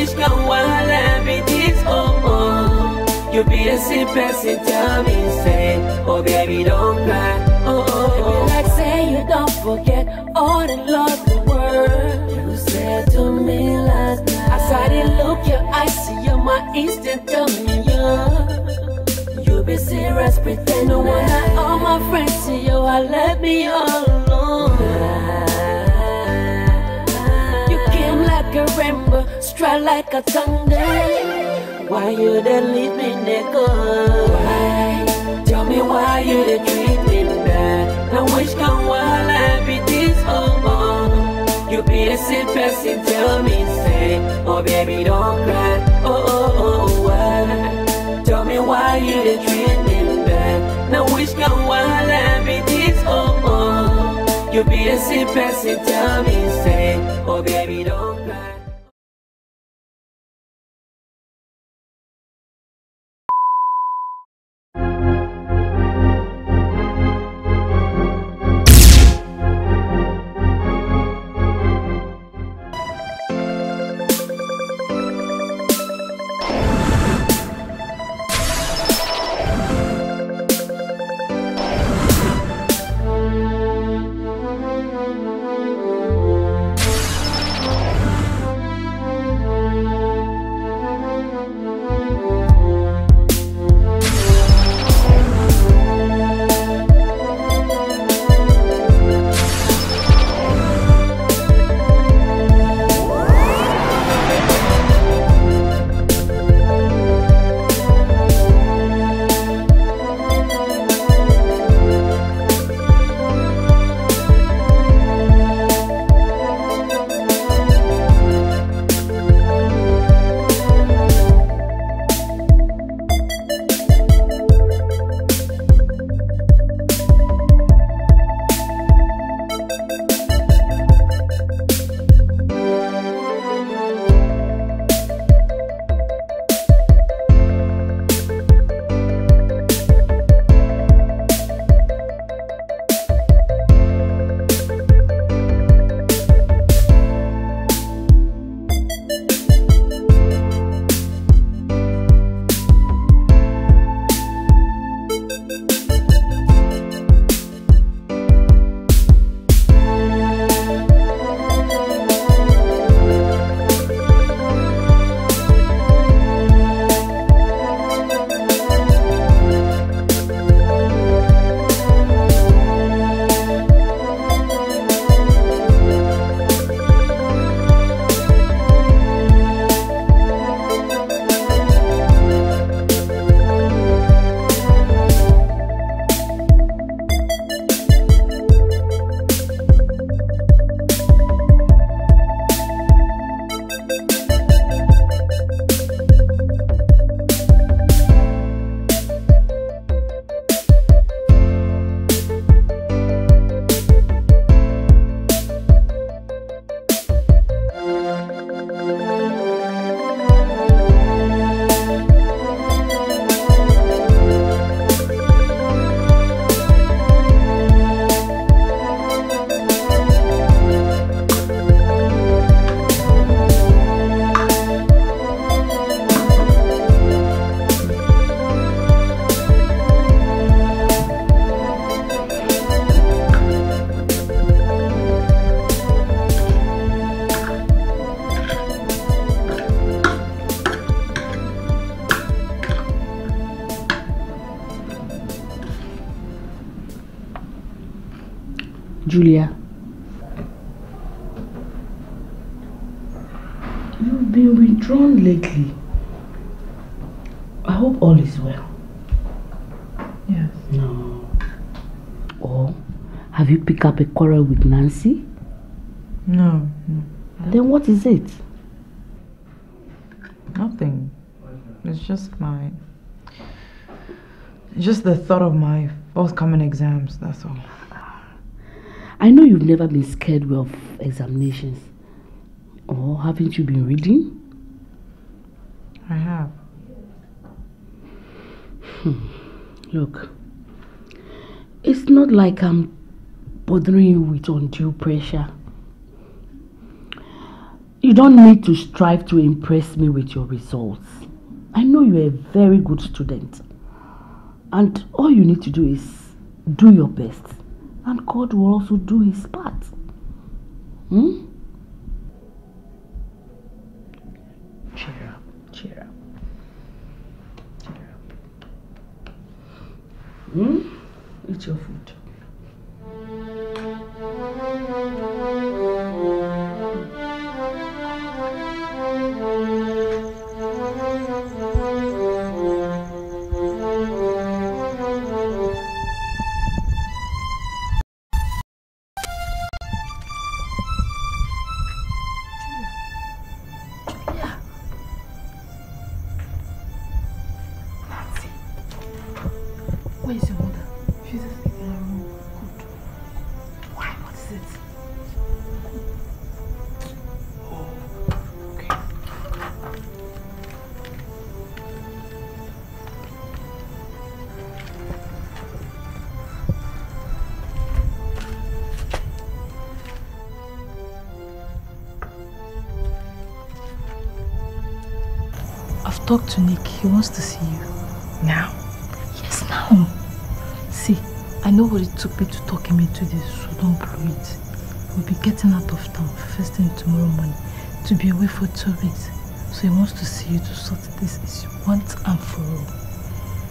wish no one love it is oh oh You be a simple person, tell me say Oh baby don't cry, oh oh oh like say you don't forget all the love the world You said to me last night I saw the look your eyes, see you're my instant dominion You be serious, pretend No one had all my friends, see you, I let me all dry like a thunder. Why you dey leave me, nigga? Why? Tell me why you dey treat me bad. Now wish can while I be this homo? You be the same person, tell me, say, oh baby, don't cry. Oh, oh, oh, why? Tell me why you dey treat me bad. Now wish can while I be this homo? You be the same person, tell me, say, oh baby, don't Julia. You've been withdrawn lately. I hope all is well. Yes. No. Or have you picked up a quarrel with Nancy? No, no. Then what is it? Nothing. It's just my... Just the thought of my forthcoming exams, that's all. I know you've never been scared of examinations. Or haven't you been reading? I have. Hmm. Look, it's not like I'm bothering you with undue pressure. You don't need to strive to impress me with your results. I know you're a very good student. And all you need to do is do your best and God will also do his part. Hmm? Cheer up, cheer up, cheer up. Hmm? Eat your food. Talk to Nick. He wants to see you. Now? Yes, now. See, I know what it took me to talk him into this, so don't blow it. We'll be getting out of town first thing tomorrow morning to be away for two weeks. So he wants to see you to sort this issue once and for all.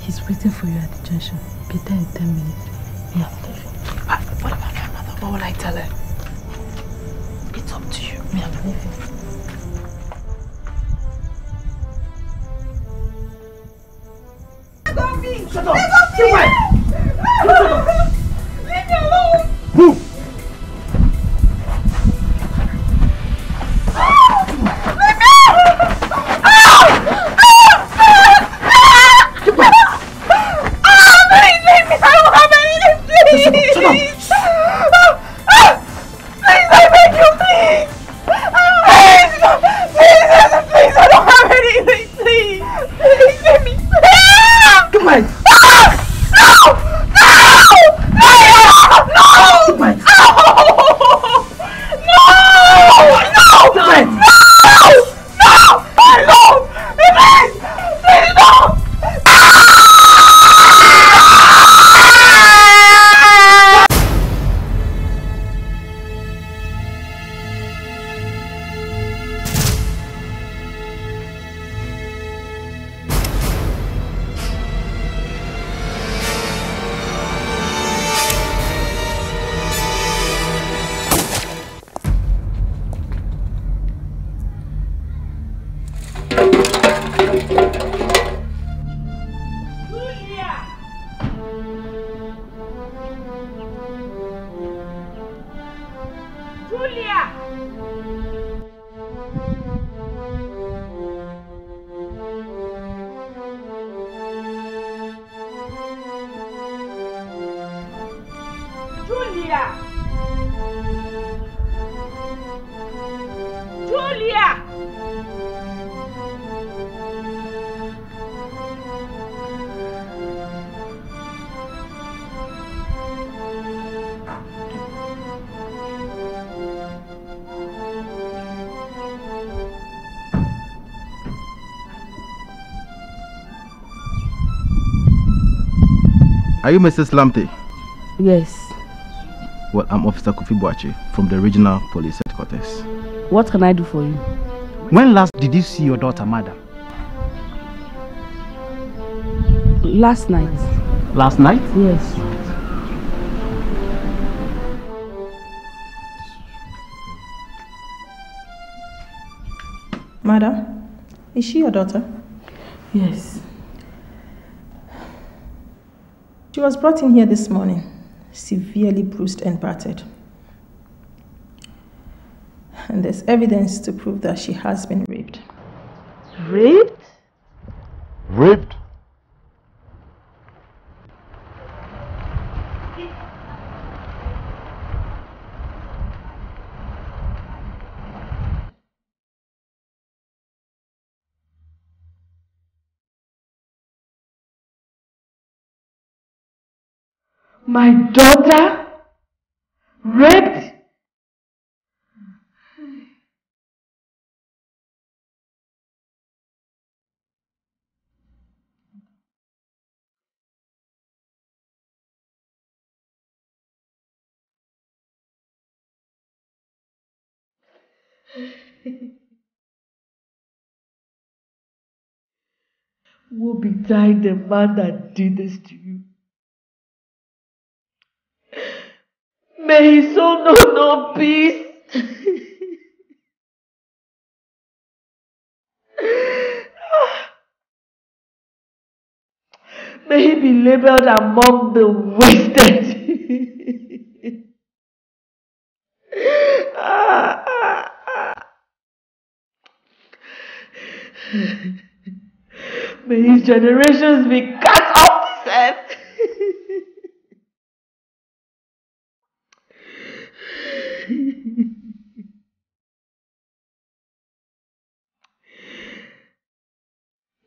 He's waiting for you at the junction. Be there in 10 minutes. Yeah. Ah, what about my mother? What will I tell her? It's up to you. Yeah. I'm leaving. 别装逼！Are you Mrs. Lamte? Yes. Well, I'm Officer Kofi Boache from the Regional Police Headquarters. What can I do for you? When last did you see your daughter, madam? Last night. Last night? Yes. Madam, is she your daughter? Yes. She was brought in here this morning, severely bruised and battered. And there's evidence to prove that she has been raped. Raped? Raped? my daughter raped? <laughs> Woe betide the man that did this to you. May his soul know no peace. May he be labeled among the wasted. May his generations be cut.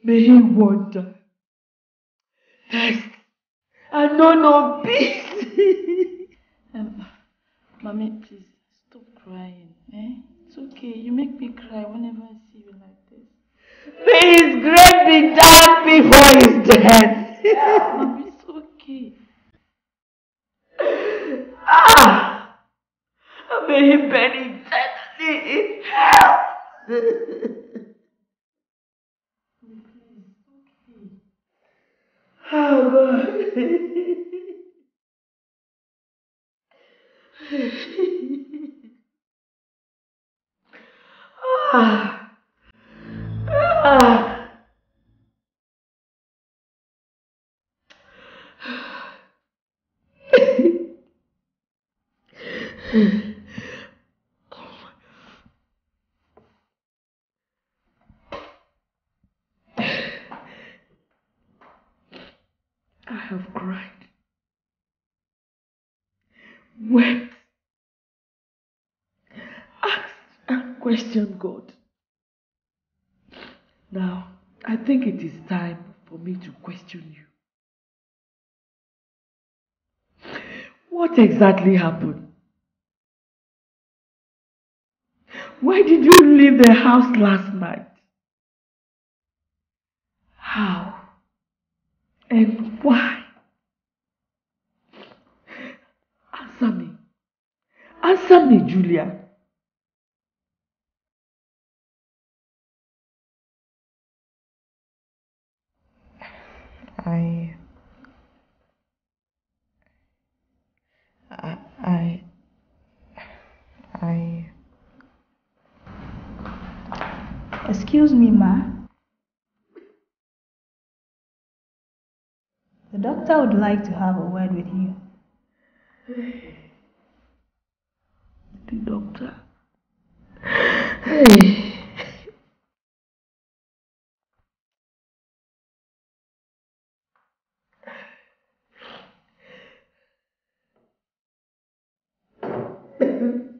May he wander. Yes. And no, no peace. um, mommy, please stop crying. Eh? It's okay. You make me cry whenever I see you like this. May his grave be dark before his death. mommy, it's okay. Ah! May he burn eternally in hell. <laughs> Oh, God. <laughs> ah. Ah. question God. Now, I think it is time for me to question you. What exactly happened? Why did you leave the house last night? How? And why? Answer me. Answer me, Julia. I I I Excuse me, ma. The doctor would like to have a word with you. <sighs> The doctor. <sighs> <sighs> Hey. You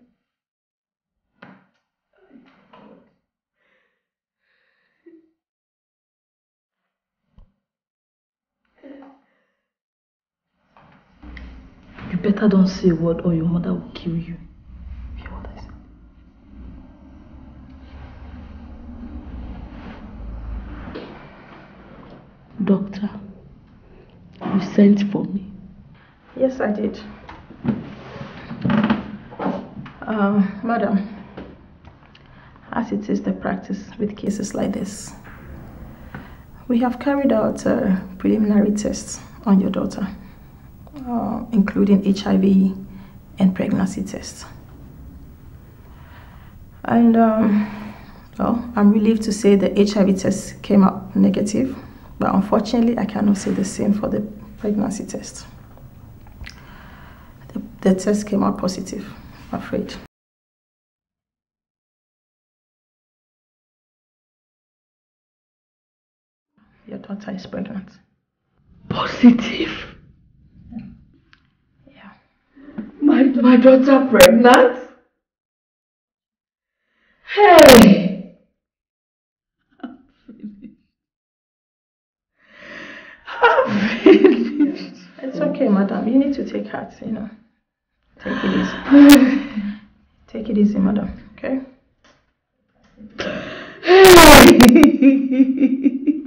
better don't say a word or your mother will kill you. Doctor, you sent for me. Yes, I did madam, as it is the practice with cases like this, we have carried out uh, preliminary tests on your daughter, uh, including HIV and pregnancy tests. And, um, well, I'm relieved to say the HIV test came out negative, but unfortunately, I cannot say the same for the pregnancy test. The, the test came out positive. I'm afraid. Your daughter is pregnant. Positive? Yeah. My, my daughter pregnant? Hey! I'm finished. I'm finished. It's okay, madam. You need to take heart, you know. Take it easy. <laughs> Take it easy, madam. Okay?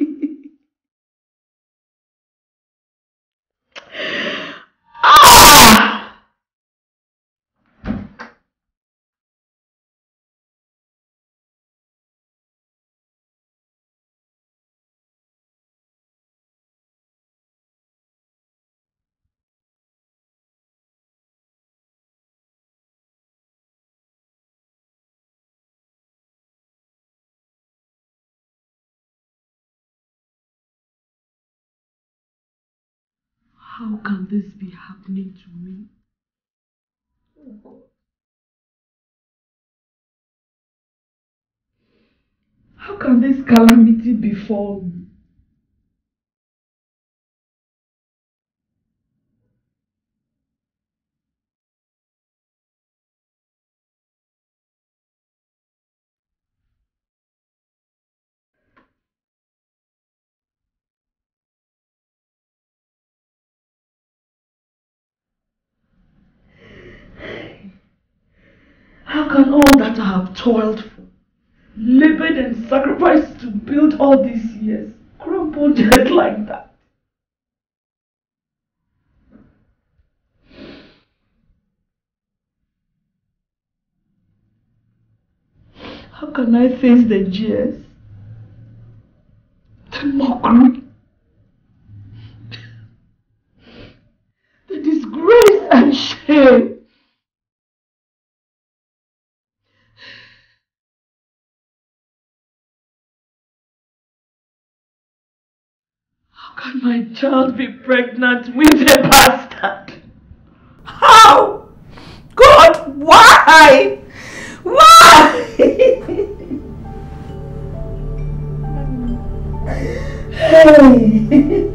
<laughs> How can this be happening to me? How can this calamity befall me? toiled for, labored and sacrificed to build all these years, crumbled <laughs> just like that. How can I face the jeers? The mockery? <laughs> The disgrace and shame? Can my child be pregnant with a bastard? How? God, why? Why? <laughs> hey.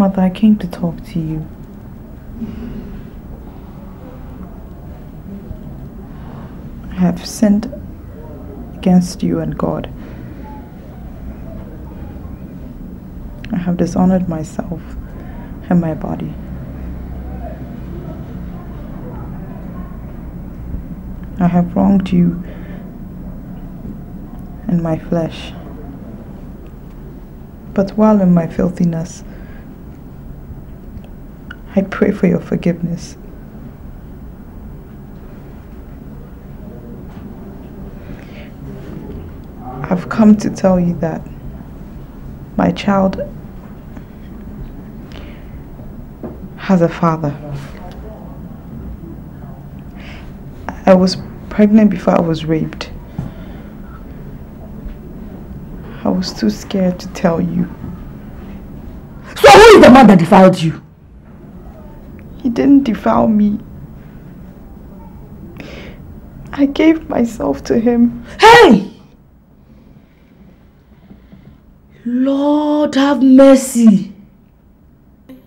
Mother, I came to talk to you. I have sinned against you and God. I have dishonored myself and my body. I have wronged you and my flesh. But while in my filthiness, I pray for your forgiveness. I've come to tell you that my child has a father. I was pregnant before I was raped. I was too scared to tell you. So who is the man that defiled you? didn't defile me. I gave myself to him. Hey! Lord have mercy.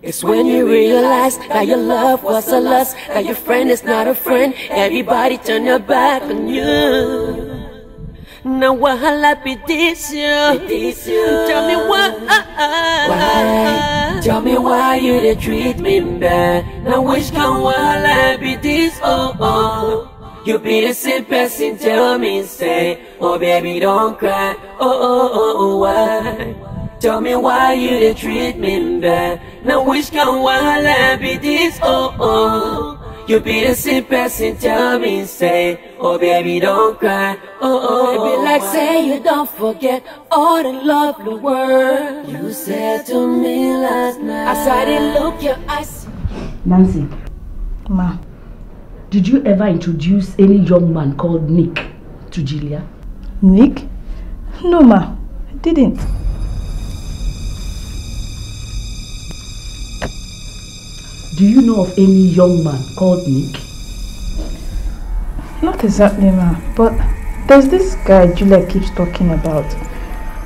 It's when you realize that your love was a lust, that your friend is not a friend, everybody turn their back on you. Now wahala be this you. Tell me what, uh, uh, uh, why? Tell me why you they treat me bad Now which can while I be this oh oh You be the same person tell me say Oh baby don't cry oh oh oh, oh why Tell me why you they treat me bad Now which can while I be this oh oh you be the same person, tell me, say, oh baby, don't cry, oh, oh, Baby, be oh, like say you don't forget all the lovely words You said to me last night I didn't look your eyes Nancy, ma, did you ever introduce any young man called Nick to Julia? Nick? No ma, didn't. Do you know of any young man called Nick? Not exactly, ma. But there's this guy Julia keeps talking about.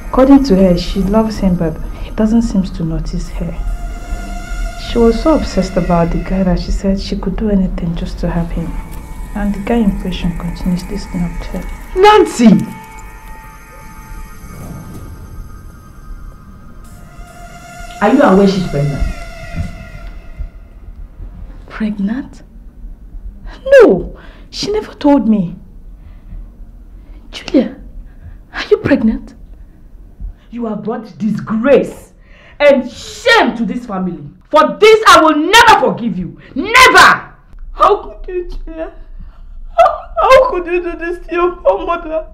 According to her, she loves him, but he doesn't seem to notice her. She was so obsessed about the guy that she said she could do anything just to have him. And the guy impression continuously snapped her. Nancy! Are you aware she's pregnant? pregnant? No, she never told me. Julia, are you pregnant? You have brought disgrace and shame to this family. For this I will never forgive you. Never! How could you, Julia? How, how could you do this to your poor mother?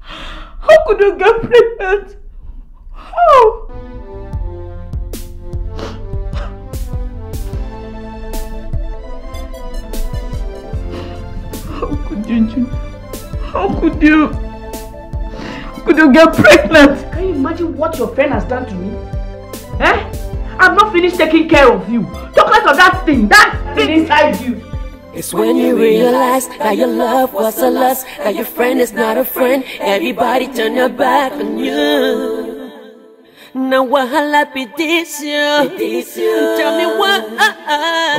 How could you get pregnant? How? Junjun? How could you? Could you get pregnant? Can you imagine what your friend has done to me? Eh? I've not finished taking care of you. Talk less of that thing, that thing inside you. It's when you realize that your love was a lust, that your friend is not a friend. Everybody turn their back on you. Now wahala this petition. Tell me why.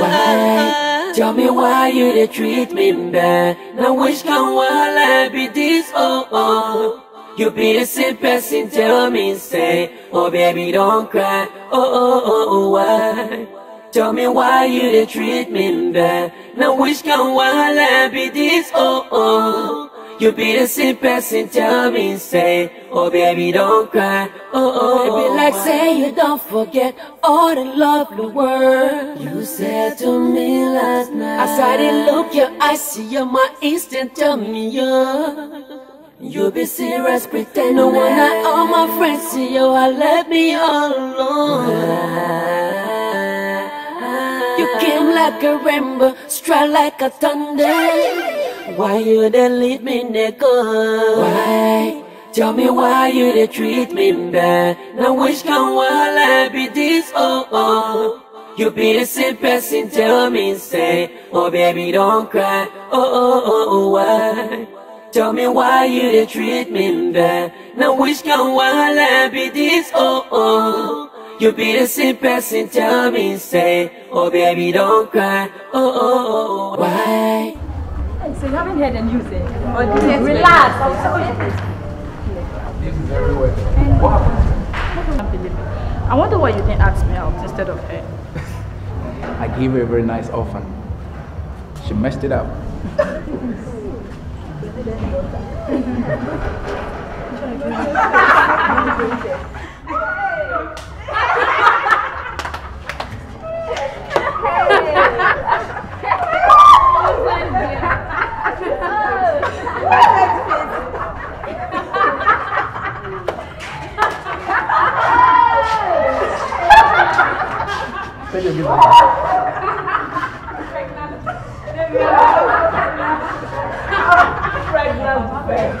Why? Tell me why you dey treat me bad. Now which kind wahala be this? Oh oh. You be the same person, tell me, say, oh baby, don't cry. Oh oh oh, oh why? Tell me why you dey treat me bad. Now which kind wahala be this? Oh oh. You be the same person, tell me, say, oh baby, don't cry. Oh, oh, oh. be like oh. say you don't forget all the lovely words you said to me last night. I saw not look your eyes, see you my instant, tell me you. You be serious, pretend no one I all my friends see you, I let me all alone. You came like a rainbow, strike like a thunder. Why you they leave me nigga? Why? Tell me why you they treat me bad Now wish come while I be this oh oh You be the same person tell me say Oh baby don't cry oh oh oh, oh why Tell me why you they treat me bad Now wish come while I be this oh oh you be the same person, tell me, say, oh baby, don't cry, oh, oh, oh, oh. why? So you haven't heard the news, yet. Or oh, yes, relax. This is everywhere. What happened? I wonder why you didn't ask me out instead of her. I gave her a very nice offer. She messed it up. hey. <laughs> Hey. Saya gitu. Pregnant. Pregnant.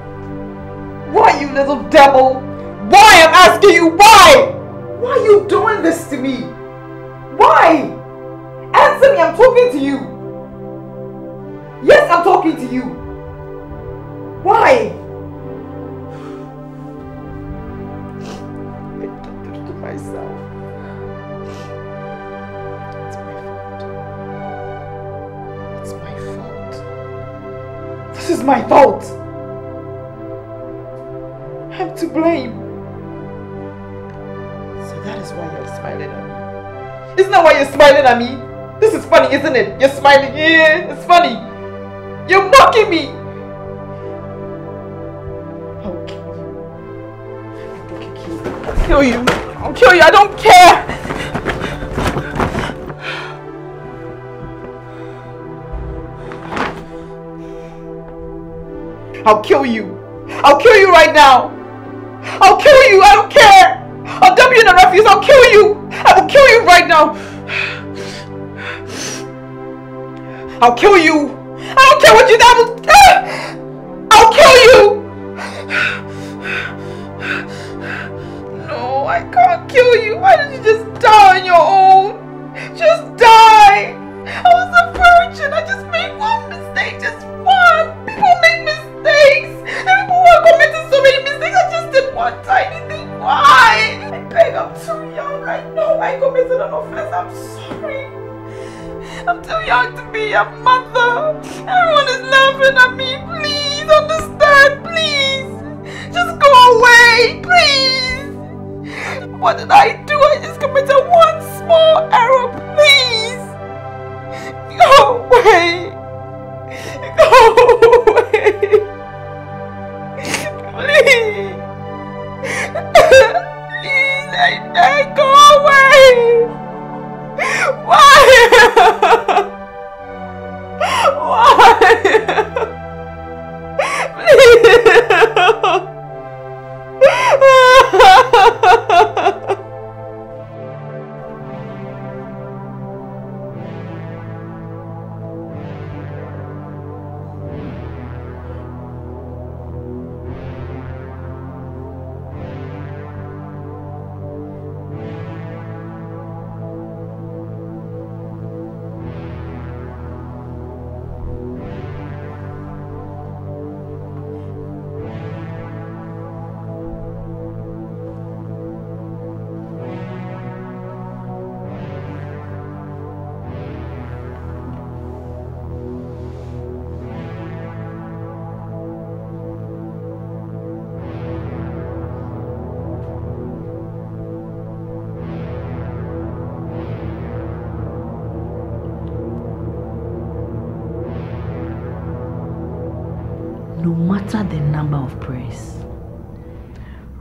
little devil! Why? I'm asking you, why? Why are you doing this to me? Why? Answer me, I'm talking to you. Yes, I'm talking to you. Why? I <sighs> did it to myself. It's my fault. It's my fault. This is my fault. blame. So that is why you're smiling at me. Isn't that why you're smiling at me? This is funny, isn't it? You're smiling. Yeah, it's funny. You're mocking me. I'll kill you. I'll kill you. I'll kill you. I don't care. I'll kill you. I'll kill you right now. I'll kill you. I don't care. I'll dump you in the refuse. I'll kill you. I will kill you right now. I'll kill you. I don't care what you that ah! I'll kill you. No, I can't kill you. Why did you just die on your own? matter the number of prayers,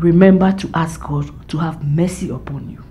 remember to ask God to have mercy upon you.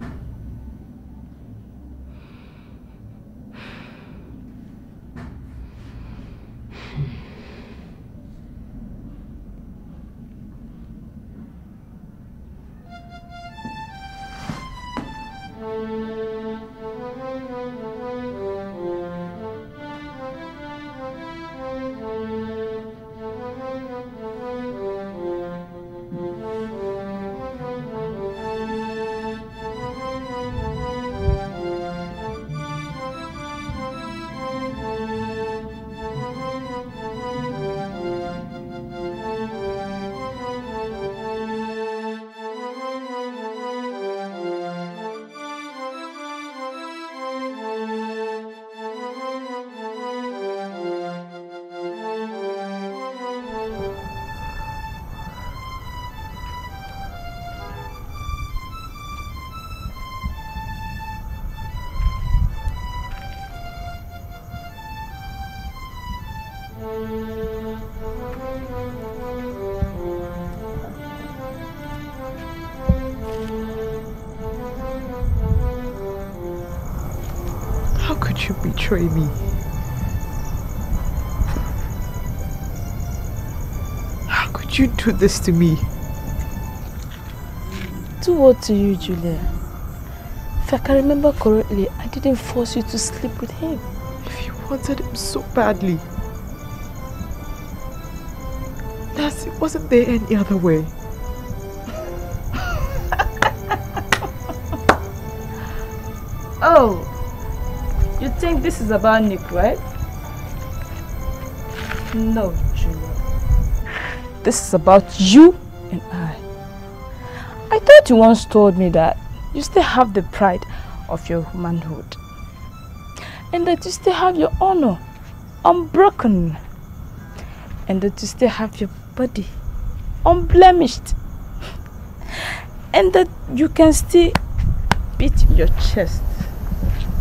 do this to me? Do what to you, Julia? If I can remember correctly, I didn't force you to sleep with him. If you wanted him so badly. Nancy, wasn't there any other way? <laughs> oh, you think this is about Nick, right? No, this is about you and I. I thought you once told me that you still have the pride of your manhood, And that you still have your honor unbroken. And that you still have your body unblemished. And that you can still beat your chest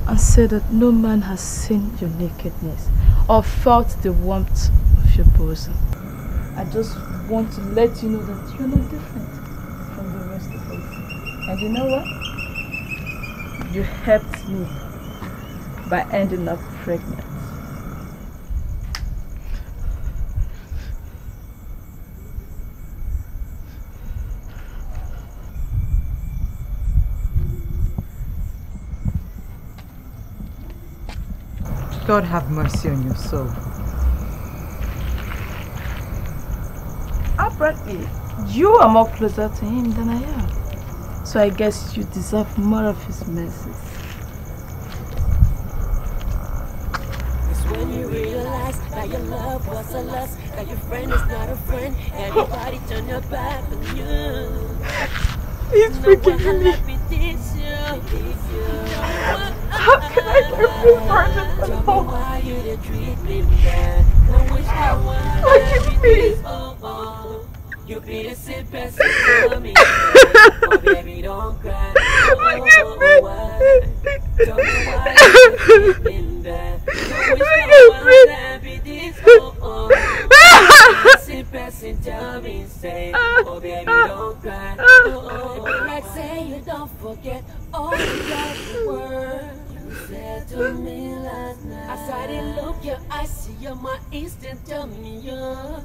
and say that no man has seen your nakedness or felt the warmth of your bosom. I just want to let you know that you're not different from the rest of us. And you know what? You helped me by ending up pregnant. God have mercy on your soul. Bradley, you are more closer to him than I am. So I guess you deserve more of his mercies. It's when you realize that your love was a lust, that your friend is not a friend, everybody turn your back on you. He's forgiving me. How can I get revenge at you Forgive me. Why you bad? I I wish you could have sit best for me. oh, baby, don't cry. Oh, oh, why? Don't know Don't you're feeling that. Don't wish I was happy this whole oh, oh. Sit best and tell me, say, oh, baby, don't cry. Oh, oh, Don't you don't forget all the words said to me last night. I saw it look your eyes, you're my instant, tell me you're.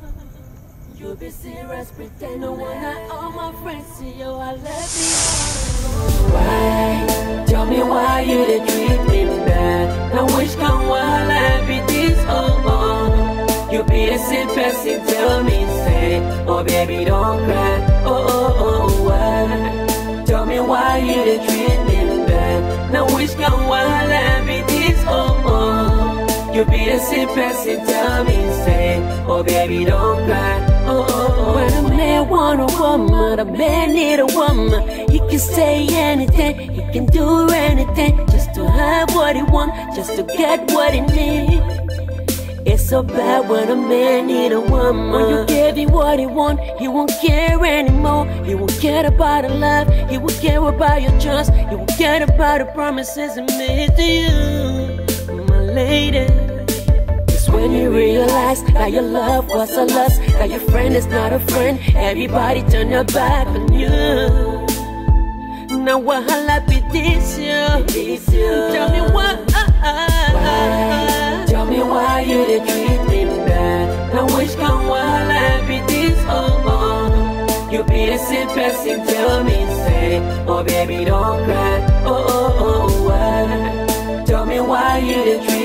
You be serious, pretend no one at all my friends see you, I let me Why? Tell me why you the treat me bad. Now wish come while I be this oh You be the same person, tell me say, oh baby don't cry, oh oh oh why? Tell me why you the treat me bad. Now wish come while I be this oh You be the same person, tell me say, oh baby don't cry. When a man want a woman, a man need a woman. He can say anything, he can do anything, just to have what he want, just to get what he need. It's so bad when a man need a woman. When you give him what he want, he won't care anymore. He won't care about your love, he won't care about your trust, he won't care about the promises he made to you, my lady. When you realize that your love was a lust That your friend is not a friend Everybody turn their back on you Now what'll I be this you? Tell me why, ah, ah, ah, Tell me why you did treat me bad Now which can while I oh, oh, You be the same person, tell me say Oh baby don't cry, oh oh oh why? Tell me why you did treat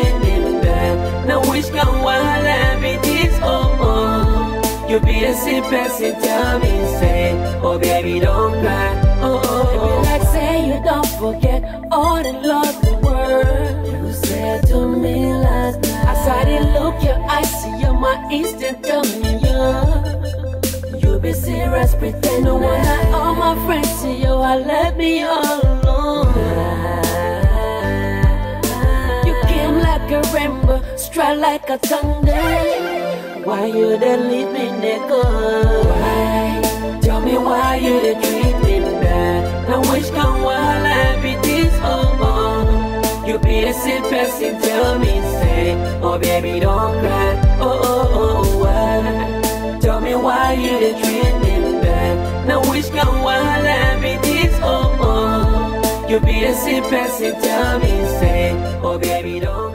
wish no one let me this, oh, oh You be the same person, tell me, say Oh, baby, don't cry, oh, oh, oh. Like say you don't forget all the lovely words You said to me last night I saw the look, your eyes, see you're my instant communion You be serious, pretend no one All my friends see you, I let me alone strike like a thunder. Why you did leave me, nigga? Why? Tell me why you did treat me bad. Now wish come while I be this over? You be the same person, tell me, say, oh baby, don't cry. Oh, oh, oh, why? Tell me why you did treat me bad. Now wish come while I be this over? You be the same person, tell me, say, oh baby, don't